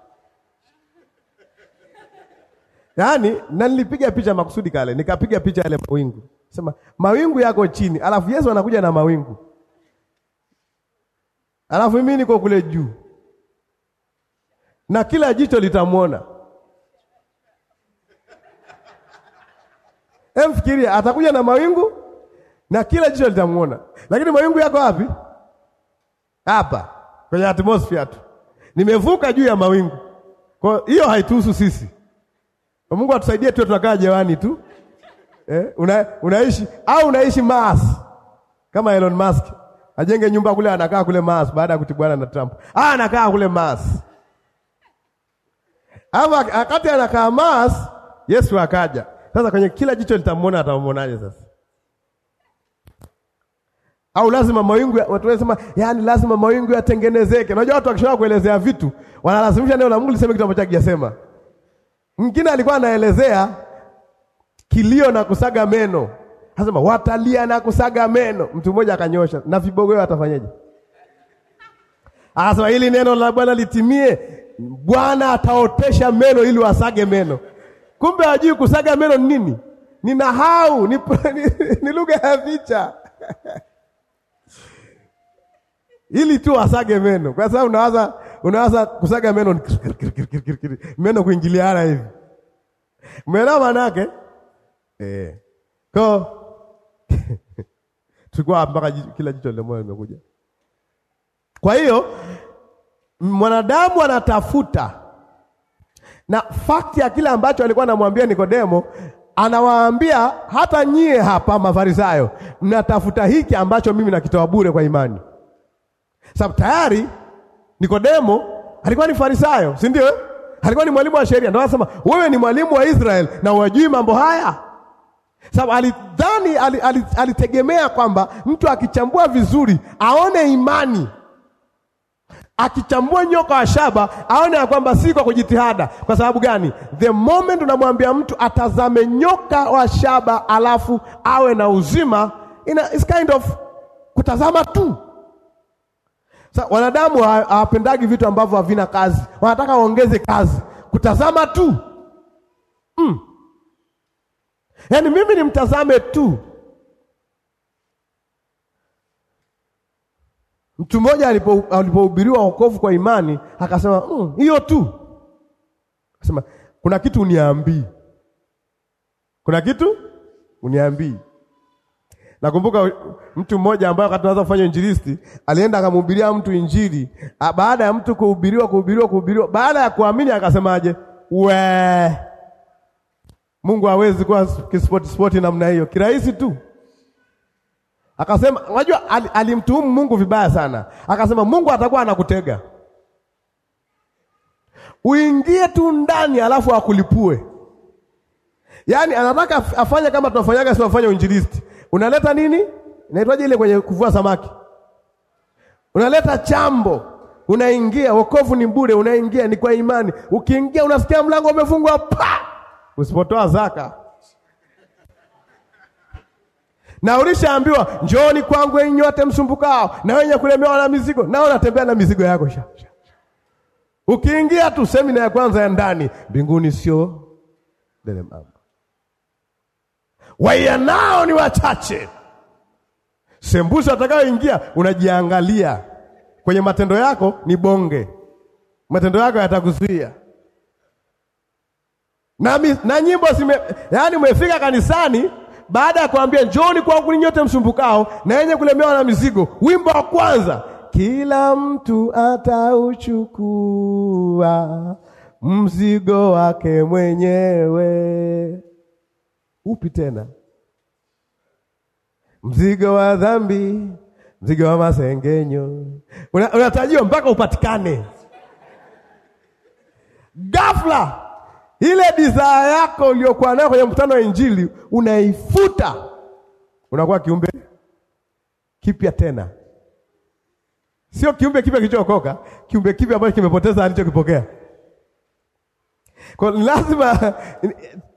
Yaani na nilipiga picha makusudi kale, nikapiga picha yale mawingu. Sema mawingu yako chini, alafu Yesu anakuja na mawingu. Alafu mimi niko kule juu. Na kila jicho litamwona. Emfikiria atakuja na mawingu na kila jicho litamwona. Lakini mawingu yako wapi? Hapa kwenye atmosphere tu. Nimevuka juu ya mawingu. Kwa hiyo haituhusu sisi. Mungu atusaidie tu, tunakaa jewani tu eh, una, unaishi au unaishi Mars kama Elon Musk ajenge nyumba kule, anakaa kule Mars baada ya kutibwana na Trump. Ah, anakaa kule Mars ama akati anakaa Mars, Yesu akaja sasa. Kwenye kila jicho litamwona, atamwonaje sasa? Au lazima mawingu, watu wanasema yani lazima mawingu yatengenezeke. Unajua watu wakishawa kuelezea vitu wanalazimisha neno la Mungu liseme kitu ambacho hakijasema. Mwingine alikuwa anaelezea kilio na kusaga meno, anasema watalia na kusaga meno. Mtu mmoja akanyosha, na vibogeo atafanyaje? anasema hili neno la Bwana litimie, Bwana ataotesha meno ili wasage meno. Kumbe hajui kusaga meno ni nini? Ni nahau, ni, [laughs] ni lugha ya vicha [laughs] ili tu wasage meno, kwa sababu unawaza unaanza kusaga meno meno kuingiliana hivi, umeelewa maana yake eh? Ko [laughs] tulikuwa mpaka kila jicho moyo limekuja. Kwa hiyo mwanadamu anatafuta na fakti ya kile ambacho alikuwa anamwambia Nikodemo, anawaambia hata nyie hapa Mafarisayo, mnatafuta hiki ambacho mimi nakitoa bure kwa imani, sababu tayari Nikodemo alikuwa ni Farisayo, si ndio? Eh? Alikuwa ni mwalimu wa sheria, ndio anasema wewe ni mwalimu wa Israeli na unajui mambo haya. Sababu alidhani alitegemea kwamba mtu akichambua vizuri aone imani, akichambua nyoka wa shaba aone ya kwamba si kwa kujitihada. Kwa sababu gani? The moment unamwambia mtu atazame nyoka wa shaba alafu awe na uzima, ina is kind of kutazama tu Sa, wanadamu hawapendagi vitu ambavyo havina kazi, wanataka waongeze kazi, kutazama tu mm. Yaani mimi nimtazame tu. Mtu mmoja alipohubiriwa wokovu kwa imani akasema mm, hiyo mm, tu. Akasema kuna kitu uniambii, kuna kitu uniambii Nakumbuka mtu mmoja ambaye wakati anaanza kufanya injilisti alienda akamhubiria mtu injili. Baada ya mtu kuhubiriwa kuhubiriwa kuhubiriwa, baada ya kuamini akasemaje? We, Mungu hawezi kuwa kispoti spoti namna hiyo kirahisi tu. Akasema, unajua al, alimtuhumu Mungu vibaya sana. Akasema Mungu atakuwa anakutega uingie tu ndani, alafu akulipue. Yaani anataka afanye kama tunafanyaga, sio afanye injilisti unaleta nini, inaitwaje ile kwenye kuvua samaki, unaleta chambo, unaingia. Wokovu ni bure, unaingia ni kwa imani. Ukiingia unasikia mlango umefungwa pa, usipotoa zaka na ulishaambiwa njooni kwangu enyi nyote msumbukao na wenye kulemewa na mizigo, na unatembea na mizigo yako sha. Ukiingia tu semina ya kwanza ya ndani, mbinguni sio mama waianao ni wachache. Sembuse atakayoingia, unajiangalia kwenye matendo yako, ni bonge. Matendo yako yatakuzuia na, na nyimbo zime, yaani umefika kanisani baada ya kuambia njooni kwangu ninyi nyote msumbukao na yenye kulemewa na mizigo, wimbo wa kwanza, kila mtu atauchukua mzigo wake mwenyewe upi tena? Mzigo wa dhambi, mzigo wa masengenyo, unatarajiwa una mpaka upatikane ghafla. Ile desire yako uliyokuwa nayo kwenye mkutano wa Injili unaifuta, unakuwa kiumbe kipya tena. Sio kiumbe kipya kilichookoka, kiumbe kipya ambacho kimepoteza alichokipokea. Kwa lazima [laughs]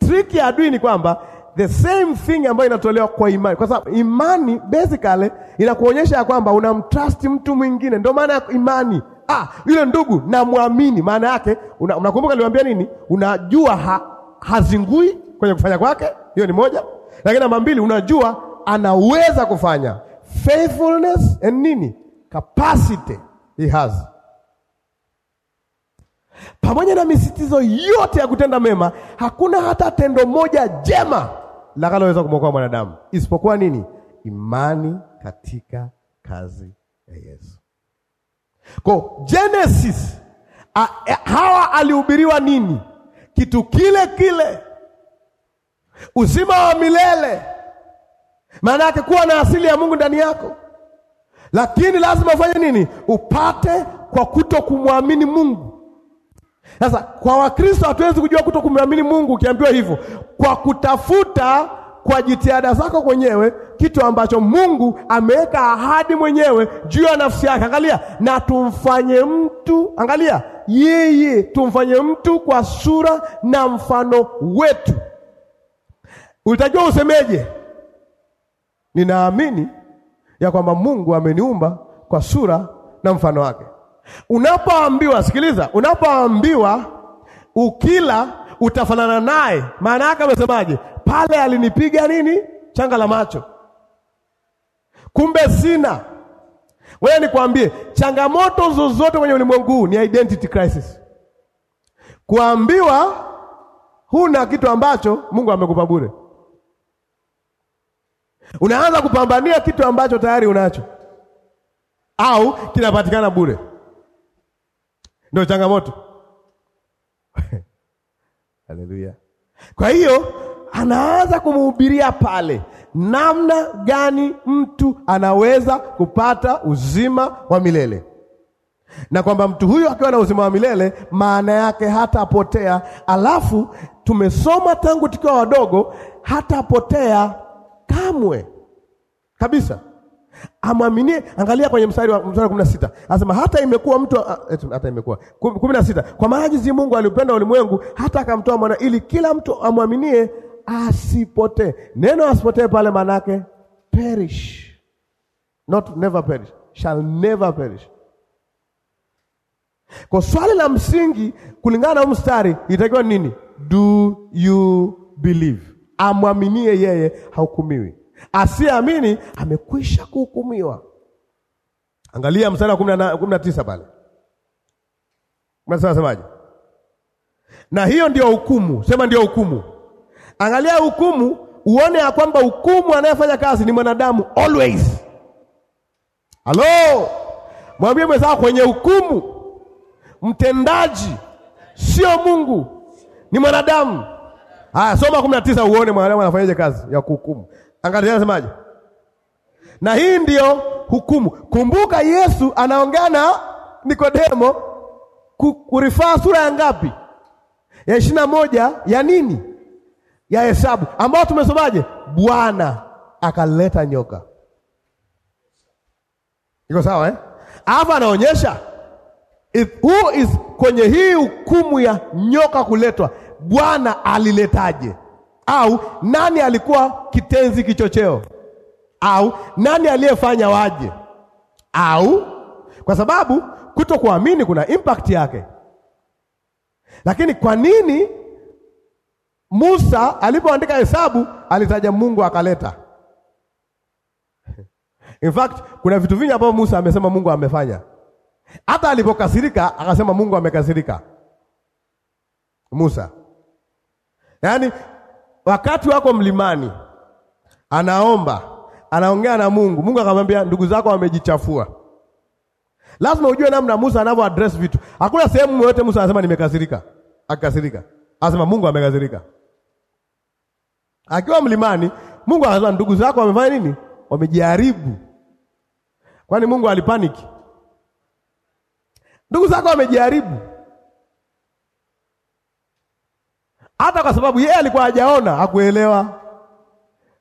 triki ya adui ni kwamba the same thing ambayo inatolewa kwa imani, kwa sababu imani basically inakuonyesha ya kwamba unamtrust mtu mwingine. Ndio maana ya imani. Ah, yule ndugu namwamini, maana yake unakumbuka, una niliwaambia nini? Unajua ha, hazingui kwenye kufanya kwake, hiyo ni moja. Lakini namba mbili, unajua anaweza kufanya faithfulness and nini capacity he has pamoja na misitizo yote ya kutenda mema, hakuna hata tendo moja jema lakaloweza kumwokoa mwanadamu isipokuwa nini? Imani katika kazi ya Yesu. Kwa Genesis a, a, e, Hawa alihubiriwa nini? Kitu kile kile, uzima wa milele, maana yake kuwa na asili ya Mungu ndani yako, lakini lazima ufanye nini? Upate kwa kuto kumwamini Mungu sasa kwa Wakristo hatuwezi kujua kuto kumwamini Mungu ukiambiwa hivyo, kwa kutafuta kwa jitihada zako mwenyewe kitu ambacho Mungu ameweka ahadi mwenyewe juu ya nafsi yake. Angalia, na tumfanye mtu, angalia yeye, tumfanye mtu kwa sura na mfano wetu. ulitakiwa usemeje? Ninaamini ya kwamba Mungu ameniumba kwa sura na mfano wake. Unapoambiwa, sikiliza, unapoambiwa ukila utafanana naye, maana yake amesemaje? Pale alinipiga nini? Changa la macho. Kumbe sina wewe, nikwambie, changamoto zozote kwenye ulimwengu huu ni identity crisis, kuambiwa huna kitu ambacho Mungu amekupa bure. Unaanza kupambania kitu ambacho tayari unacho au kinapatikana bure ndio changamoto [laughs] Haleluya. Kwa hiyo anaanza kumhubiria pale namna gani mtu anaweza kupata uzima wa milele, na kwamba mtu huyo akiwa na uzima wa milele maana yake hatapotea. Alafu tumesoma tangu tukiwa wadogo, hatapotea kamwe kabisa amwaminie. Angalia kwenye mstari wa mstari wa kumi na sita anasema hata imekuwa mtu ah, hata imekuwa kumi na sita kwa maana jinsi Mungu aliupenda ulimwengu hata akamtoa mwana ili kila mtu amwaminie asipotee. Neno asipotee pale maana yake perish not never perish shall never perish. Kwa swali la msingi kulingana na mstari itakiwa nini? Do you believe? Amwaminie yeye haukumiwi asiyeamini amekwisha kuhukumiwa. Angalia mstari wa kumi na tisa pale semaje? Na hiyo ndio hukumu, sema ndio hukumu. Angalia hukumu, uone ya kwamba hukumu anayefanya kazi ni mwanadamu always. Halo, mwambie mwenzao kwenye hukumu mtendaji sio Mungu, ni mwanadamu. Haya, soma kumi na tisa uone mwanadamu anafanyaje kazi ya kuhukumu. Angalia anasemaje? Na hii ndiyo hukumu. Kumbuka Yesu anaongea na Nikodemo kurifaa sura ya ngapi? Ya ishirini na moja ya nini? Ya Hesabu, ambao tumesomaje? Bwana akaleta nyoka. Iko sawa eh? Hapa anaonyesha who is kwenye hii hukumu ya nyoka kuletwa, Bwana aliletaje? au nani alikuwa kitenzi kichocheo, au nani aliyefanya waje, au kwa sababu kutokuamini kuna impact yake. Lakini kwa nini Musa alipoandika Hesabu alitaja Mungu akaleta? [laughs] In fact kuna vitu vingi ambavyo Musa amesema Mungu amefanya. Hata alipokasirika akasema Mungu amekasirika. Musa, yaani wakati wako mlimani, anaomba, anaongea na Mungu. Mungu akamwambia ndugu zako wamejichafua. Lazima ujue namna Musa anavyo address vitu. Hakuna sehemu yoyote Musa anasema nimekasirika, akasirika, anasema Mungu amekasirika. Akiwa mlimani, Mungu anasema ndugu zako wamefanya nini? Wamejaribu. Kwani Mungu alipaniki? Ndugu zako wamejaribu hata kwa sababu yeye alikuwa hajaona, hakuelewa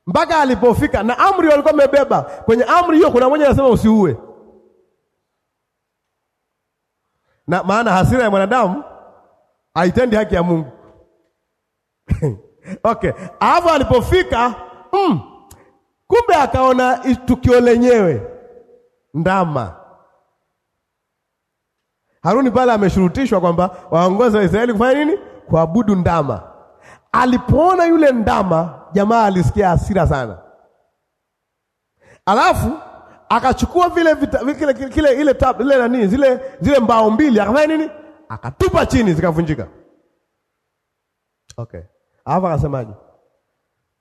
mpaka alipofika, na amri walikuwa amebeba. Kwenye amri hiyo kuna mmoja anasema usiue, na maana hasira ya mwanadamu haitendi haki ya Mungu. [laughs] Okay, hapo alipofika, mm, kumbe akaona tukio lenyewe, ndama Haruni pale ameshurutishwa kwamba waongoze waisraeli Israeli kufanya nini? kuabudu ndama. Alipoona yule ndama, jamaa alisikia hasira sana, alafu akachukua vile vita, vile, kile, ile tab, ile nani zile, zile mbao mbili akafanya nini? Akatupa chini zikavunjika. Okay, alafu akasemaje?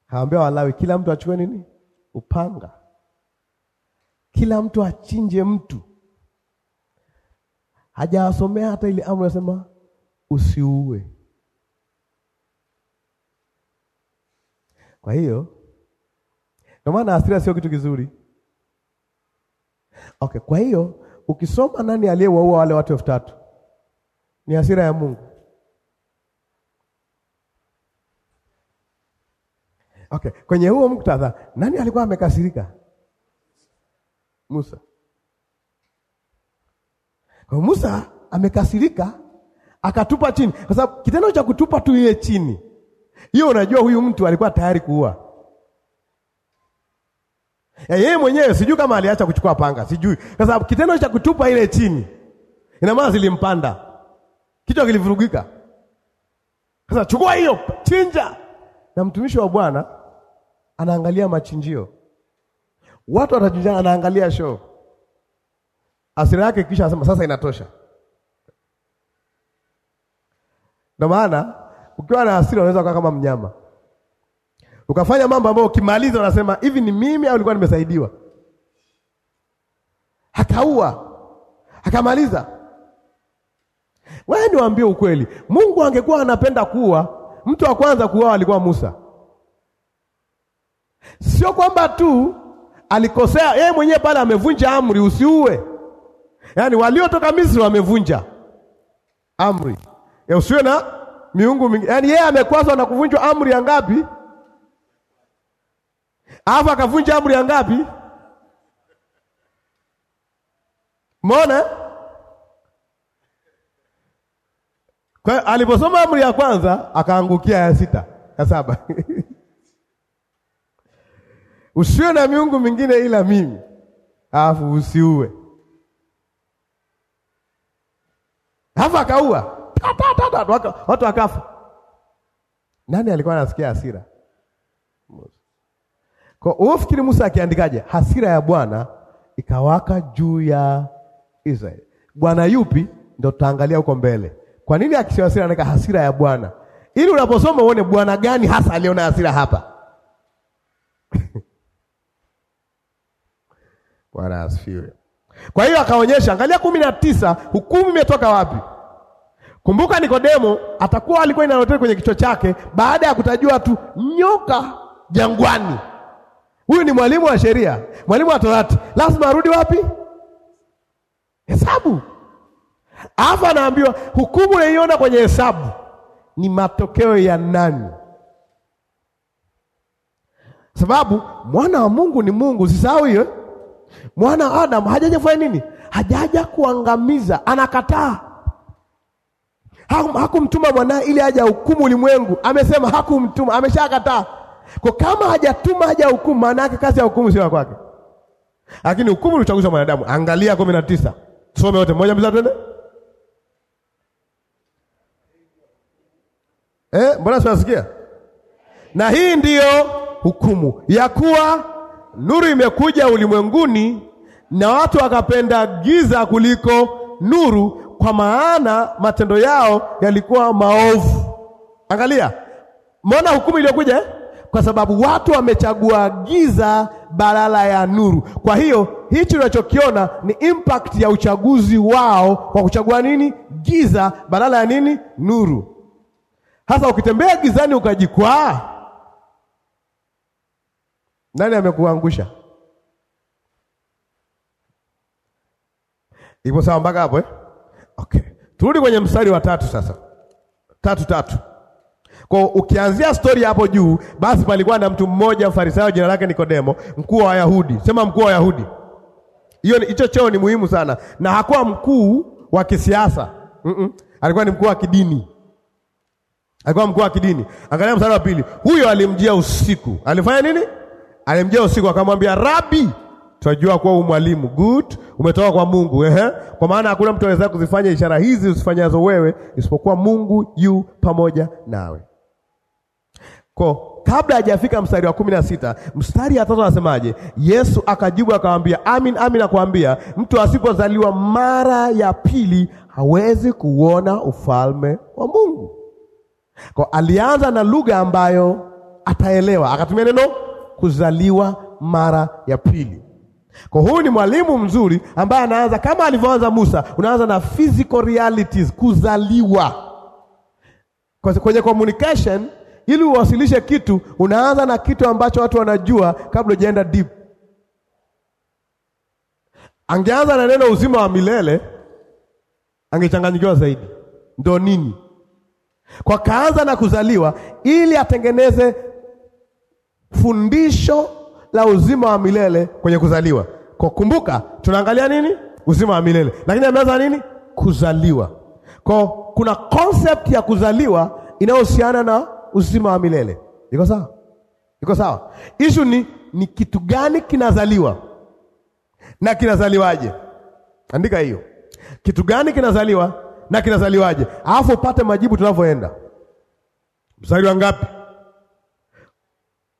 Kaambia Walawi, kila mtu achukue nini? Upanga, kila mtu achinje mtu. Hajawasomea hata ile amri, anasema usiue. Kwa hiyo ndio maana hasira sio kitu kizuri. Okay, kwa hiyo ukisoma nani aliyewaua wale watu elfu tatu ni hasira ya Mungu. Okay, kwenye huo muktadha nani alikuwa amekasirika? Musa. Kwa Musa amekasirika akatupa chini, kwa sababu kitendo cha kutupa tu ile chini hiyo unajua huyu mtu alikuwa tayari kuua yeye mwenyewe. Sijui kama aliacha kuchukua panga, sijui, kwa sababu kitendo cha kutupa ile chini, ina maana zilimpanda kichwa, kilivurugika. Sasa chukua hiyo, chinja. Na mtumishi wa Bwana anaangalia machinjio, watu watachinjana, anaangalia show asira yake, kisha asema, sasa inatosha. Ndio maana ukiwa na hasira unaweza kuwa kama mnyama ukafanya mambo ambayo ukimaliza unasema hivi ni mimi au nilikuwa nimesaidiwa? Akaua akamaliza. Wewe niwaambie ukweli, Mungu angekuwa anapenda kuua, mtu wa kwanza kuua alikuwa Musa. Sio kwamba tu alikosea yeye mwenyewe pale, amevunja amri usiue, yaani waliotoka Misri wamevunja amri ya usiwe na miungu mingi. Yaani yeye amekwazwa na kuvunjwa amri ya ngapi? Alafu akavunja amri ya ngapi? Mbona? Kwa aliposoma amri ya kwanza akaangukia ya sita, ya saba [laughs] usiwe na miungu mingine ila mimi, alafu usiue, alafu akaua watu wakafa. Nani alikuwa anasikia hasira? Kwa ufikiri Musa akiandikaje? Hasira ya Bwana ikawaka juu ya Israeli. Bwana yupi? Ndio tutaangalia huko mbele. Kwa nini akisema hasira anaweka hasira ya Bwana? Ili unaposoma uone Bwana gani hasa aliona hasira hapa. [laughs] Bwana asifiwe. Kwa hiyo akaonyesha, angalia kumi na tisa, hukumu imetoka wapi? Kumbuka Nikodemo atakuwa alikuwa inaotea kwenye kichwa chake baada ya kutajua tu nyoka jangwani. Huyu ni mwalimu wa sheria, mwalimu wa Torati, lazima arudi wapi? Hesabu. Alafu anaambiwa hukumu unaiona kwenye hesabu ni matokeo ya nani? Sababu mwana wa Mungu ni Mungu, usisahau hiyo. Mwana wa Adamu hajaja kufanya nini? Hajaja kuangamiza, anakataa hakumtuma mwanae ili aje hukumu ulimwengu. Amesema hakumtuma, ameshakataa. Kwa kama hajatuma aje hukumu, maana yake kazi ya hukumu sio kwake, lakini hukumu ulichaguzwa mwanadamu. Angalia kumi na tisa, some wote mmoja mbili twende. Eh, mbona siwasikia? Na hii ndiyo hukumu ya kuwa nuru imekuja ulimwenguni na watu wakapenda giza kuliko nuru kwa maana matendo yao yalikuwa maovu. Angalia, mbona hukumu iliyokuja? Eh? Kwa sababu watu wamechagua giza badala ya nuru. Kwa hiyo hichi unachokiona ni impact ya uchaguzi wao kwa kuchagua nini? Giza badala ya nini? Nuru. Hasa ukitembea gizani ukajikwaa, nani amekuangusha? Ipo sawa mpaka hapo eh? Okay. Turudi kwenye mstari wa tatu sasa. Tatu tatu. Kwa ukianzia stori hapo juu, basi palikuwa na mtu mmoja farisayo jina lake Nikodemo, mkuu wa Wayahudi. Sema mkuu wa Wayahudi. Hiyo hicho cheo ni muhimu sana, na hakuwa mkuu wa kisiasa mm -mm. Alikuwa ni mkuu wa kidini, alikuwa mkuu wa kidini. Angalia mstari wa pili. Huyo alimjia usiku, alifanya nini? Alimjia usiku akamwambia, Rabi, Tunajua kuwa umwalimu good umetoka kwa Mungu ehe. Kwa maana hakuna mtu anaweza kuzifanya ishara hizi usifanyazo wewe isipokuwa Mungu yu pamoja nawe. Kwa kabla hajafika mstari wa kumi na sita mstari wa tatu anasemaje? Yesu akajibu akamwambia, amin amin nakuambia, mtu asipozaliwa mara ya pili hawezi kuona ufalme wa Mungu. Kwa alianza na lugha ambayo ataelewa, akatumia neno kuzaliwa mara ya pili. Kwa huyu ni mwalimu mzuri ambaye anaanza kama alivyoanza Musa, unaanza na physical realities, kuzaliwa. Kwa kwenye communication, ili uwasilishe kitu, unaanza na kitu ambacho watu wanajua kabla hujaenda deep. Angeanza na neno uzima wa milele, angechanganyikiwa zaidi. Ndo nini? Kwa kaanza na kuzaliwa ili atengeneze fundisho la uzima wa milele kwenye kuzaliwa. Kwa kumbuka, tunaangalia nini? Uzima wa milele, lakini ameanza nini? Kuzaliwa. Kwa kuna concept ya kuzaliwa inayohusiana na uzima wa milele. Iko sawa? Iko sawa. Ishu ni ni kitu gani kinazaliwa na kinazaliwaje? Andika hiyo, kitu gani kinazaliwa na kinazaliwaje, alafu upate majibu tunavyoenda. Mstari wa ngapi?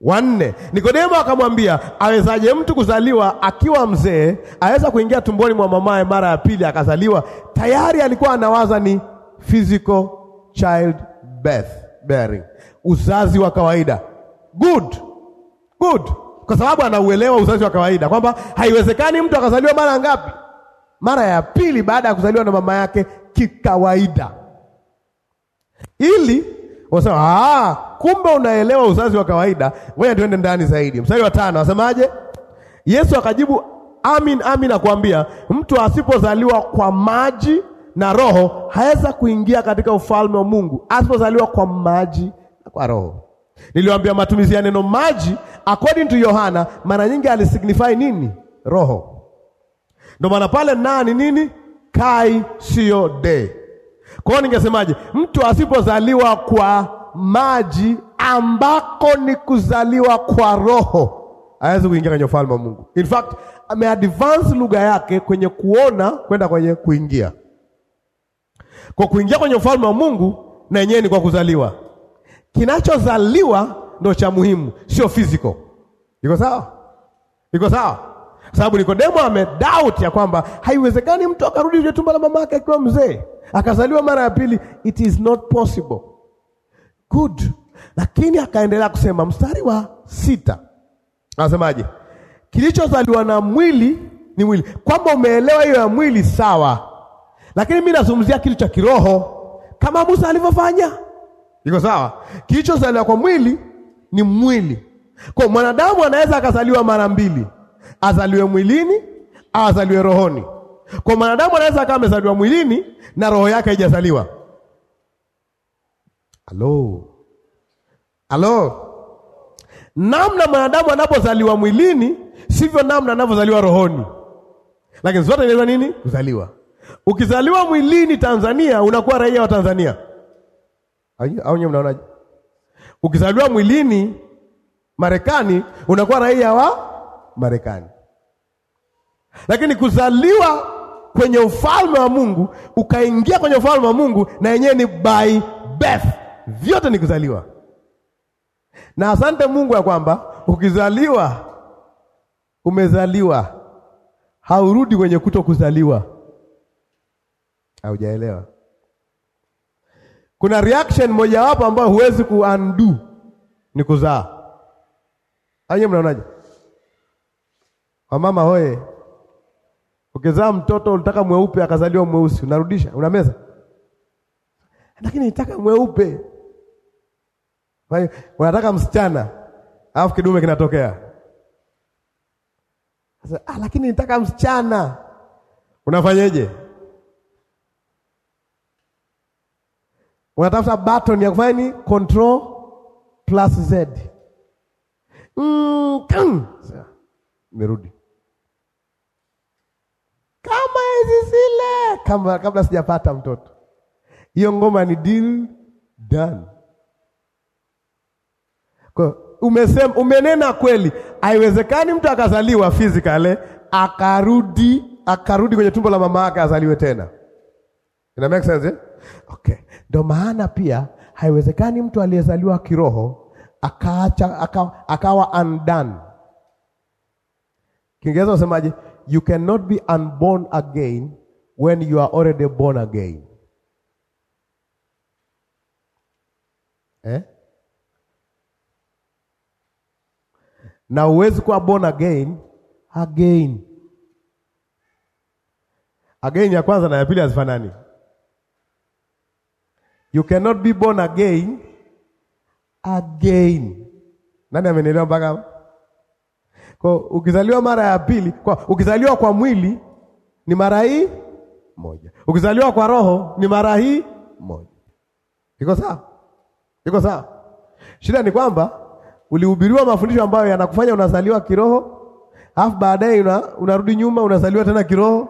Wanne, Nikodemo akamwambia, awezaje mtu kuzaliwa akiwa mzee? Aweza kuingia tumboni mwa mamaye mara ya pili akazaliwa? Tayari alikuwa anawaza ni physical child birth bearing, uzazi wa kawaida. Good, good, kwa sababu anauelewa uzazi wa kawaida kwamba haiwezekani mtu akazaliwa mara ngapi, mara ya pili baada ya kuzaliwa na mama yake kikawaida, ili Wasema ah, kumbe unaelewa uzazi wa kawaida. Wewe tuende ndani zaidi. Mstari wa tano wasemaje? Yesu akajibu, amin amin nakwambia, mtu asipozaliwa kwa maji na roho haweza kuingia katika ufalme wa Mungu. Asipozaliwa kwa maji na kwa roho. Niliwaambia matumizi ya neno maji according to Yohana mara nyingi alisignify nini? Roho. Ndio maana pale na ni nini? Kai sio de kwa hiyo ningesemaje? Mtu asipozaliwa kwa maji ambako ni kuzaliwa kwa roho hawezi kuingia kwenye ufalme wa Mungu. In fact, advance lugha yake kwenye kuona kwenda kwenye kuingia. Kwa kuingia kwenye ufalme wa Mungu na yenyewe ni kwa kuzaliwa. Kinachozaliwa ndo cha muhimu, sio physical. Iko sawa? Iko sawa? Sababu Nikodemo ame doubt ya kwamba haiwezekani mtu akarudi kwenye tumbo la mama yake akiwa mzee akazaliwa mara ya pili, it is not possible. Good, lakini akaendelea kusema mstari wa sita anasemaje? Kilichozaliwa na mwili ni mwili. Kwamba umeelewa hiyo ya mwili sawa, lakini mimi nazungumzia kitu cha kiroho kama Musa alivyofanya. Iko sawa? Kilichozaliwa kwa mwili ni mwili. Kwa mwanadamu anaweza akazaliwa mara mbili, azaliwe mwilini au azaliwe rohoni. Kwa mwanadamu anaweza akawa amezaliwa mwilini na roho yake haijazaliwa. Halo. Halo. Namna mwanadamu anapozaliwa mwilini sivyo namna anavyozaliwa rohoni, lakini zote inaweza nini kuzaliwa. Ukizaliwa mwilini Tanzania unakuwa raia wa Tanzania, au nyewe mnaonaje? Ukizaliwa mwilini Marekani unakuwa raia wa Marekani, lakini kuzaliwa kwenye ufalme wa Mungu, ukaingia kwenye ufalme wa Mungu, na yenyewe ni by birth, vyote ni kuzaliwa. Na asante Mungu ya kwamba ukizaliwa umezaliwa, haurudi kwenye kuto kuzaliwa. Haujaelewa? Kuna reaction mojawapo ambayo huwezi ku undo ni kuzaa. Anye, mnaonaje wamama hoye? Ukizaa mtoto unataka mweupe akazaliwa mweusi, unarudisha, unameza. Lakini nitaka mweupe. unataka msichana, alafu kidume kinatokea. Sasa ah, lakini nitaka msichana. Unafanyeje? Unatafuta button ya kufanya nini? control plus z. Mm, merudi kama hizi zile, kama kabla sijapata mtoto. Hiyo ngoma ni deal done. Kwa umesema, umenena kweli. Haiwezekani mtu akazaliwa physically akarudi akarudi kwenye tumbo la mama yake azaliwe tena. Ina make sense eh? Okay, ndio maana pia haiwezekani mtu aliyezaliwa kiroho akaacha akawa undone. Kiingereza wasemaje? you cannot be unborn again when you are already born again eh? na huwezi kuwa born again again again ya kwanza na ya pili hazifanani. You cannot be born again again. Nani amenielewa mpaka kwa ukizaliwa mara ya pili, kwa ukizaliwa kwa mwili ni mara hii moja, ukizaliwa kwa roho ni mara hii moja. Iko sawa? Iko sawa? Shida ni kwamba ulihubiriwa mafundisho ambayo yanakufanya unazaliwa kiroho, alafu baadaye una, unarudi nyuma unazaliwa tena kiroho.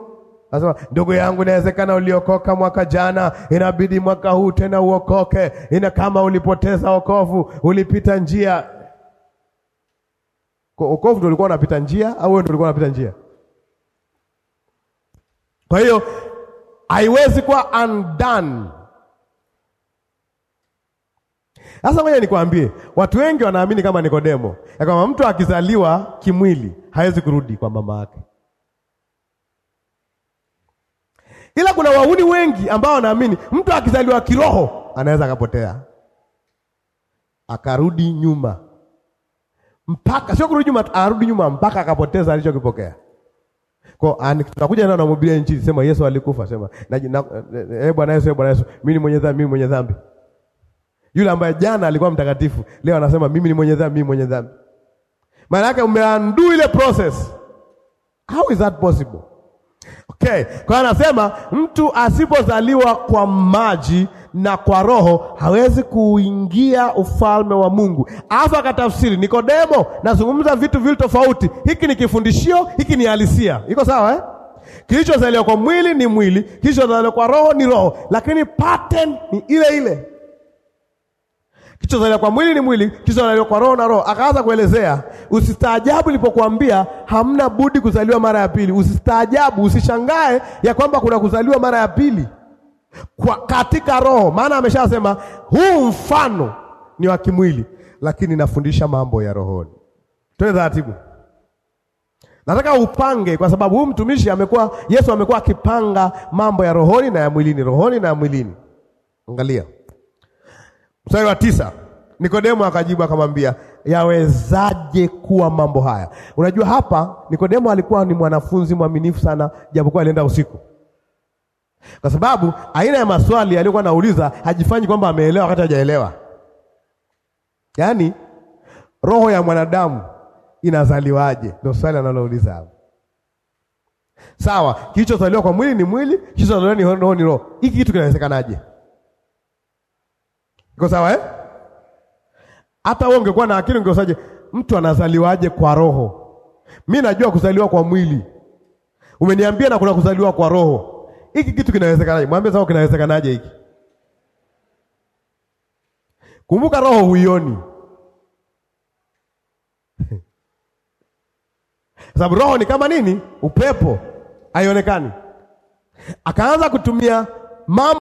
Nasema ndugu yangu, inawezekana uliokoka mwaka jana, inabidi mwaka huu tena uokoke. Ina kama ulipoteza wokovu, ulipita njia kwa wokovu ndio ulikuwa unapita njia au wewe ndio ulikuwa unapita njia? Kwa hiyo haiwezi kuwa undone. Sasa ngoja nikwambie, watu wengi wanaamini kama Nikodemo, ya kwamba mtu akizaliwa kimwili hawezi kurudi kwa mama yake, ila kuna wahuni wengi ambao wanaamini mtu akizaliwa kiroho anaweza akapotea akarudi nyuma mpaka sio kurudi nyuma, arudi nyuma mpaka akapoteza alichokipokea. Kwa ah, tutakuja na namhubiria injili, sema Yesu alikufa, sema eh, eh, Bwana Yesu, eh, Bwana Yesu, mimi ni mwenye dhambi, mimi mwenye dhambi. Yule ambaye jana alikuwa mtakatifu, leo anasema mimi ni mwenye dhambi, mimi mwenye dhambi. Maana yake umeandu ile process. How is that possible? Okay, kwa hiyo anasema mtu asipozaliwa kwa maji na kwa roho hawezi kuingia ufalme wa Mungu. Alafu akatafsiri Nikodemo, nazungumza vitu vili tofauti. Hiki ni kifundishio, hiki ni halisia. Iko sawa eh? Kilichozaliwa kwa mwili ni mwili, kilichozaliwa kwa roho ni roho, lakini pattern ni ile ile kichozaliwa kwa mwili ni mwili, kilichozaliwa kwa roho na roho. Akaanza kuelezea, usistaajabu nilipokuambia hamna budi kuzaliwa mara ya pili. Usistaajabu, usishangae ya kwamba kuna kuzaliwa mara ya pili kwa katika roho, maana ameshasema huu mfano ni wa kimwili, lakini nafundisha mambo ya rohoni. Twende taratibu, nataka upange, kwa sababu huu mtumishi amekuwa, Yesu amekuwa akipanga mambo ya rohoni na ya mwilini, rohoni na ya mwilini. Angalia Mstari wa tisa, Nikodemo akajibu akamwambia, yawezaje kuwa mambo haya? Unajua hapa Nikodemo alikuwa ni mwanafunzi mwaminifu sana, japokuwa alienda usiku, kwa sababu aina ya maswali aliyokuwa anauliza hajifanyi kwamba ameelewa wakati hajaelewa. Yaani, roho ya mwanadamu inazaliwaje? Ndio swali analouliza hapo. Sawa, kilichozaliwa kwa mwili ni mwili, kilichozaliwa ni roho ni roho. Hiki kitu kinawezekanaje? Iko sawa eh? Hata wewe ungekuwa na akili ungeosaje? Mtu anazaliwaje kwa roho? Mi najua kuzaliwa kwa mwili, umeniambia na kuna kuzaliwa kwa roho. Hiki kitu kinawezekanaje? Mwambie sasa, kinawezekanaje hiki? Kumbuka roho huioni, [laughs] sababu roho ni kama nini? Upepo, haionekani. Akaanza kutumia mambo